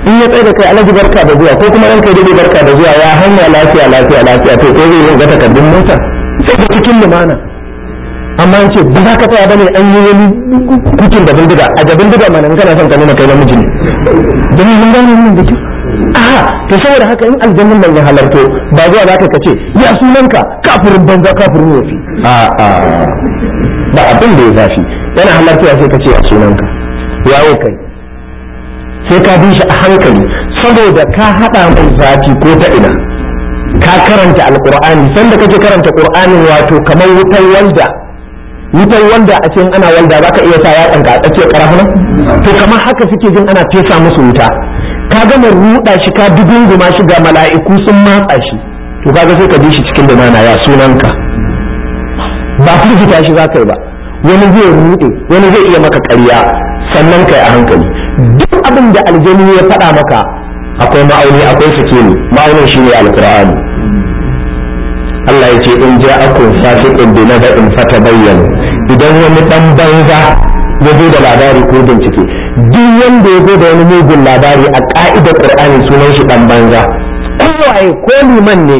in ya tsaye da kai alaji barka da zuwa ko kuma ranka dai barka da zuwa ya hanya lafiya lafiya lafiya to ko zai yi ga takardun mota sai da cikin lumana amma an ce ba za ka tsaya bane an yi wani kucin da bindiga a ga bindiga mana nan kana son ka nuna kai namiji ne don mun ga wannan da kyau aha to saboda haka in aljannin ban ya halarto ba zuwa za ka kace ya sunanka kafirin banza kafirin wofi a a ba abin da ya zafi yana halarta ya sai kace ya sunanka ya kai sai ka bi shi a hankali saboda ka haɗa mai zafi ko ta ina ka karanta alqur'ani sanda kake karanta qur'anin wato kamar wutar walda wutar wanda a cikin ana walda za ka iya sa yatsan ka a tsakiyar nan to kamar haka suke jin ana fesa musu wuta ka gama ruɗa shi ka dubunguma shi ga mala'iku sun matsa shi to kaga sai ka bi shi cikin lumana ya sunanka ba firgita shi za ka yi ba wani zai ruɗe wani zai iya maka ƙarya sannan kai a hankali abin da aljani ya faɗa maka akwai ma'auni akwai sikini ma'aunin shine alkur'ani Allah ya ce in ja ja'akum fasiqun bi fata bayyana idan wani ɗan banza ya zo da labari ko bincike duk wanda ya zo da wani mugun labari a ka'idar qur'ani sunan shi dan banza kowaye ko liman ne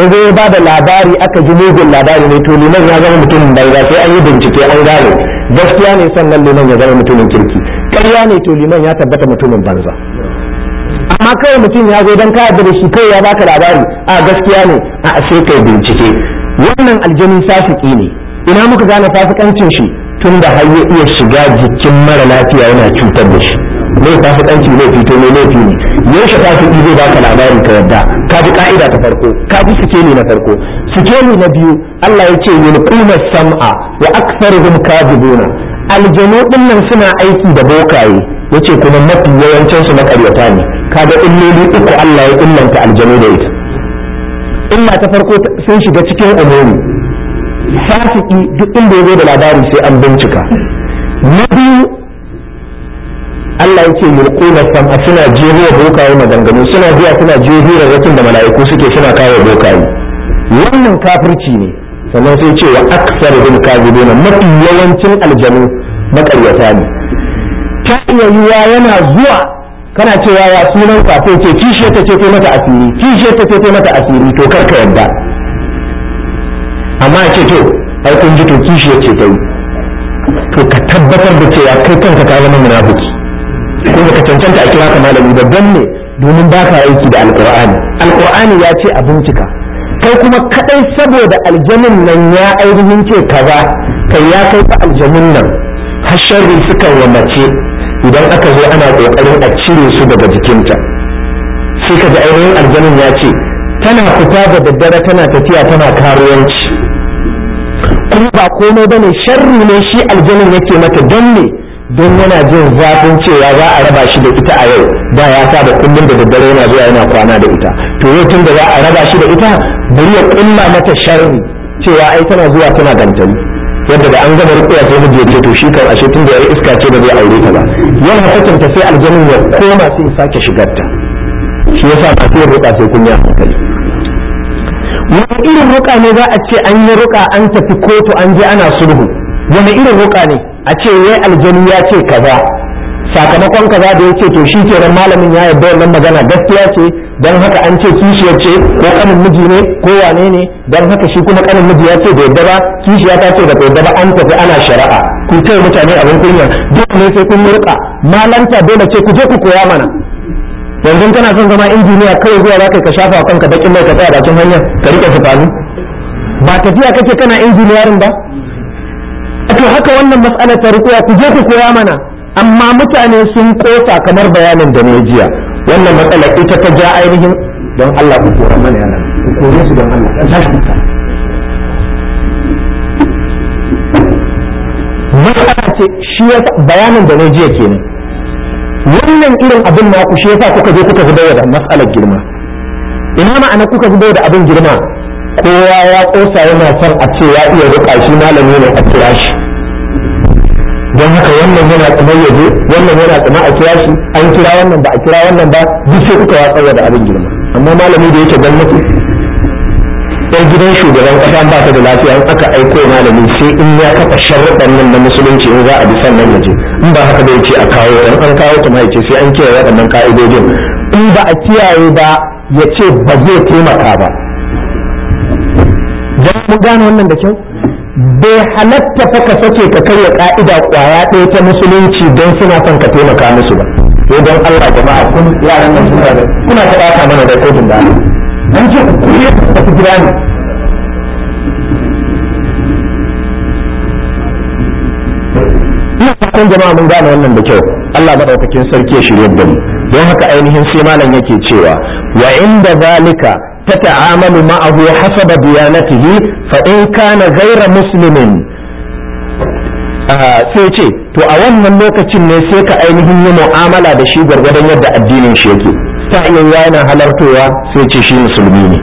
ya zo ya bada labari aka ji mugun labari ne to liman ya zama mutumin banza sai an yi bincike an gane gaskiya ne sannan liman ya zama mutumin kirki ƙarya ne to liman ya tabbata mutumin banza amma kawai mutum ya zo don ka da shi kai ya baka labari a gaskiya ne a sai kai bincike wannan aljanu fasiki ne ina muka gane fasikancin shi tun da har ya iya shiga jikin mara lafiya yana cutar da shi ne fasikanci ne fito ne laifi ne yaushe fasiki zai baka labari ka yadda? ka ji ka'ida ta farko ka ji ne na farko Suke ne na biyu Allah ya ce yulquna sam'a wa aktharuhum kadibuna aljanu dinnan suna aiki da bokaye yace kuma mafi yawancin su makaryata ne kaga illoli uku Allah ya illanta aljanu da ita ma ta farko sun shiga cikin umuri fasiki duk inda yazo da labari sai an bincika na biyu Allah yake mulkuna sam'a suna jeriya bokaye maganganu suna jiya suna jeriya rakin da mala'iku suke suna kawo bokaye wannan kafirci ne sannan sai ce wa aksar bin kazibuna mafi yawancin aljanu karyata ne ta iya yiwa yana zuwa kana cewa ya sunan ka sai ce kishe ta ce mata asiri kishe ta ce mata asiri to kar ka yadda amma ce to ai kun ji to kishiyar ce ta yi to ka tabbatar da cewa kai kanka ka zama munafiki ko ka cancanta a kira ka malami ba ne domin ba ka aiki da alqur'ani alqur'ani ya ce a bincika kai kuma kadai saboda aljanun nan ya ainihin ce kaza kai ya kai ta aljanun nan hasharri suka wa mace idan aka zo ana kokarin a cire su daga jikinta sai ka ji ainihin aljanun ya ce tana fita da daddare tana tafiya tana karuwanci kuma ba komai bane sharri ne shi aljanun yake mata don ne don yana jin zafin cewa za a raba shi da ita a yau ba ya da kullum da daddare yana zuwa yana kwana da ita to yau tun da za a raba shi da ita bari ya kulla mata sharri cewa ai tana zuwa tana gantari yadda da an gama rukuya sai miji ya to shi kan ashe tun da yayi iska ce ba zai aure ta ba yana ta sai aljanin ya koma sai ya sake shigar ta shi yasa ba sai ruka sai kun ya hankali wani irin ruka ne za a ce an yi ruka an tafi kotu an je ana sulhu wani irin ruka ne a ce wai aljani ya ce kaza sakamakon kaza da ce to shi kenan malamin ya yarda wannan magana gaskiya ce dan haka an ce kishiya ce ko kanin miji ne ko wane ne dan haka shi kuma kanin miji ya ce da yarda ba kishiya ta ce da yarda ba an tafi ana shari'a ku kai mutane abin kunya duk ne sai kun murka malanta dole ce ku je ku koya mana yanzu kana son zama injiniya kawai zuwa za ka shafa kanka bakin mai ka tsaya bakin hanyar ka rike fitanu ba tafiya kake kana injiniyarin ba to haka wannan mas'alar ta rukuya ku je ku koya mana amma mutane sun kosa kamar bayanin da ne jiya wannan matsalar ita ta ja ainihin don Allah ku kora mana yana ku kore su don Allah ta shi matsala ce shi yasa bayanin da ne jiya kenan wannan irin abin na ku shi yasa kuka je kuka zubar da matsalar girma ina ma'ana kuka zubar da abin girma kowa ya kosa yana son a ce ya iya ruka shi malami ne a kira shi don haka wannan yana kuma yaje wannan yana kuma a kira shi an kira wannan ba a kira wannan ba duk sai kuka watsar da abin girma amma malami da yake gwamnati yan gidan shugaban kasa ba ta da lafiya in aka aiko malami sai in ya kafa sharuɗan nan na musulunci in za a bi sannan yaje in ba haka bai ce a kawo dan an kawo ta mai ce sai an kiyaye waɗannan ka'idojin in ba a kiyaye ba ya ce ba zai taimaka ba. Jan mun gane wannan da kyau? bai halatta fa ka sake ka karya ka'ida kwaya ɗaya ta musulunci don suna son ka taimaka musu ba ko don Allah jama'a kun yaran nan suna da kuna ta bata mana da kodin da an ce ku yi da ku gida ne ina fatan jama'a mun gane wannan da kyau Allah madaukakin sarki ya shirye da mu don haka ainihin sai malam yake cewa wa inda zalika تتعامل معه حسب ديانته فإن كان غير مسلم sai ce to a wannan lokacin ne sai ka ainihin yi mu'amala da shi gwargwadon yadda addinin shi yake ta hanyar yana halartowa sai ce shi musulmi ne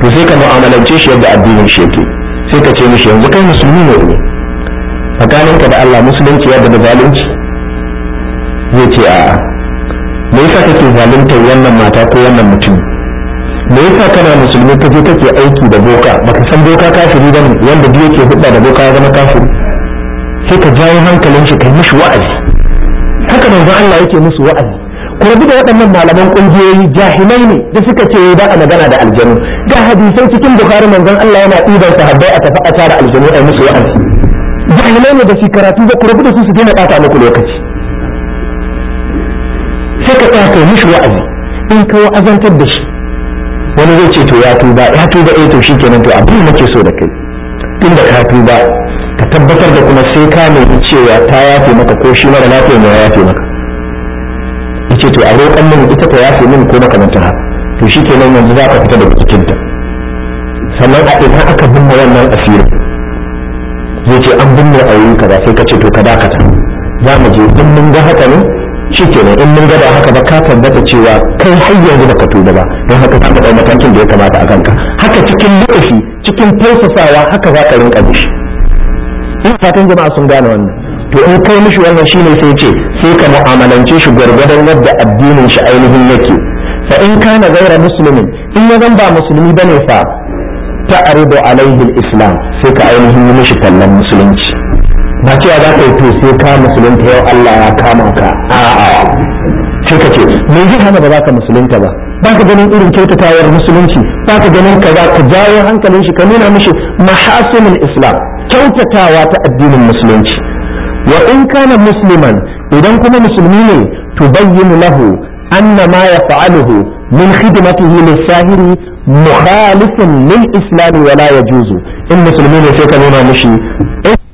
to sai ka mu'amalance shi yadda addinin shi yake sai ka ce mishi yanzu kai musulmi ne ne tsakaninka da Allah musulunci yadda da zalunci zai ce a'a me yasa kake zaluntar wannan mata ko wannan mutum me yasa kana musulmi kaje kake aiki da boka baka san boka kafiri bane wanda biyu yake hudda da boka ya zama kafiri sai ka jawo hankalin shi kai mishi wa'azi haka manzo Allah yake musu wa'azi ku rabu da waɗannan malaman ƙungiyoyi jahilai ne da suka ce ba a magana da aljanu ga hadisai cikin bukhari manzon Allah yana ɗiban sahabbai a tafi a tara aljanu a musu wa'azi jahilai ne da su karatu ba ku rabu da su su daina ɓata muku lokaci sai ka tsaya mishi wa'azi in ka wa'azantar da shi wani zai ce to ya tuba ya tuba eh to shikenan to abin nake so da kai tunda ka tuba ka tabbatar da kuma sai ka nemi cewa ta yafe maka ko shi mara lafiya ne ya yafe maka yace to a roƙon min ita ta yafe min ko makamantar haka to shikenan yanzu za ka fita daga cikinta sannan a idan aka binne wannan asirin zai ce an binne a wurin kaza sai ka ce to ka dakata za mu je in mun ga haka ne shi kenan in mun ba haka ba ka tabbata cewa kai har yanzu baka tuba ba don haka ka ɗau matakin da ya kamata a kanka haka cikin lokaci cikin tausasawa haka za ka rinka mishi ina fatan jama'a sun gane wannan to in kai mishi wannan shine sai ce sai ka mu'amalance shi gwargwadon yadda addinin shi ainihin yake fa in kana gaira musulmin in ya zan ba musulmi bane fa ta'ridu alaihi al-islam sai ka ainihin yi mishi tallan musulunci ba cewa za ka yi to sai ka musulunta yau Allah ya kama ka a'a sai ka ce me zai hana ba za ka musulunta ba ba ka ganin irin kyautatawar musulunci ba ka ganin za ka jawo hankalin shi ka nuna mishi mahasinin islam kyautatawa ta addinin musulunci wa in kana musliman idan kuma musulmi ne tubayyinu lahu anna ma yaf'aluhu min khidmatihi lis-sahiri mukhalifun lil-islam wa la yajuzu in musulmi ne sai ka nuna mishi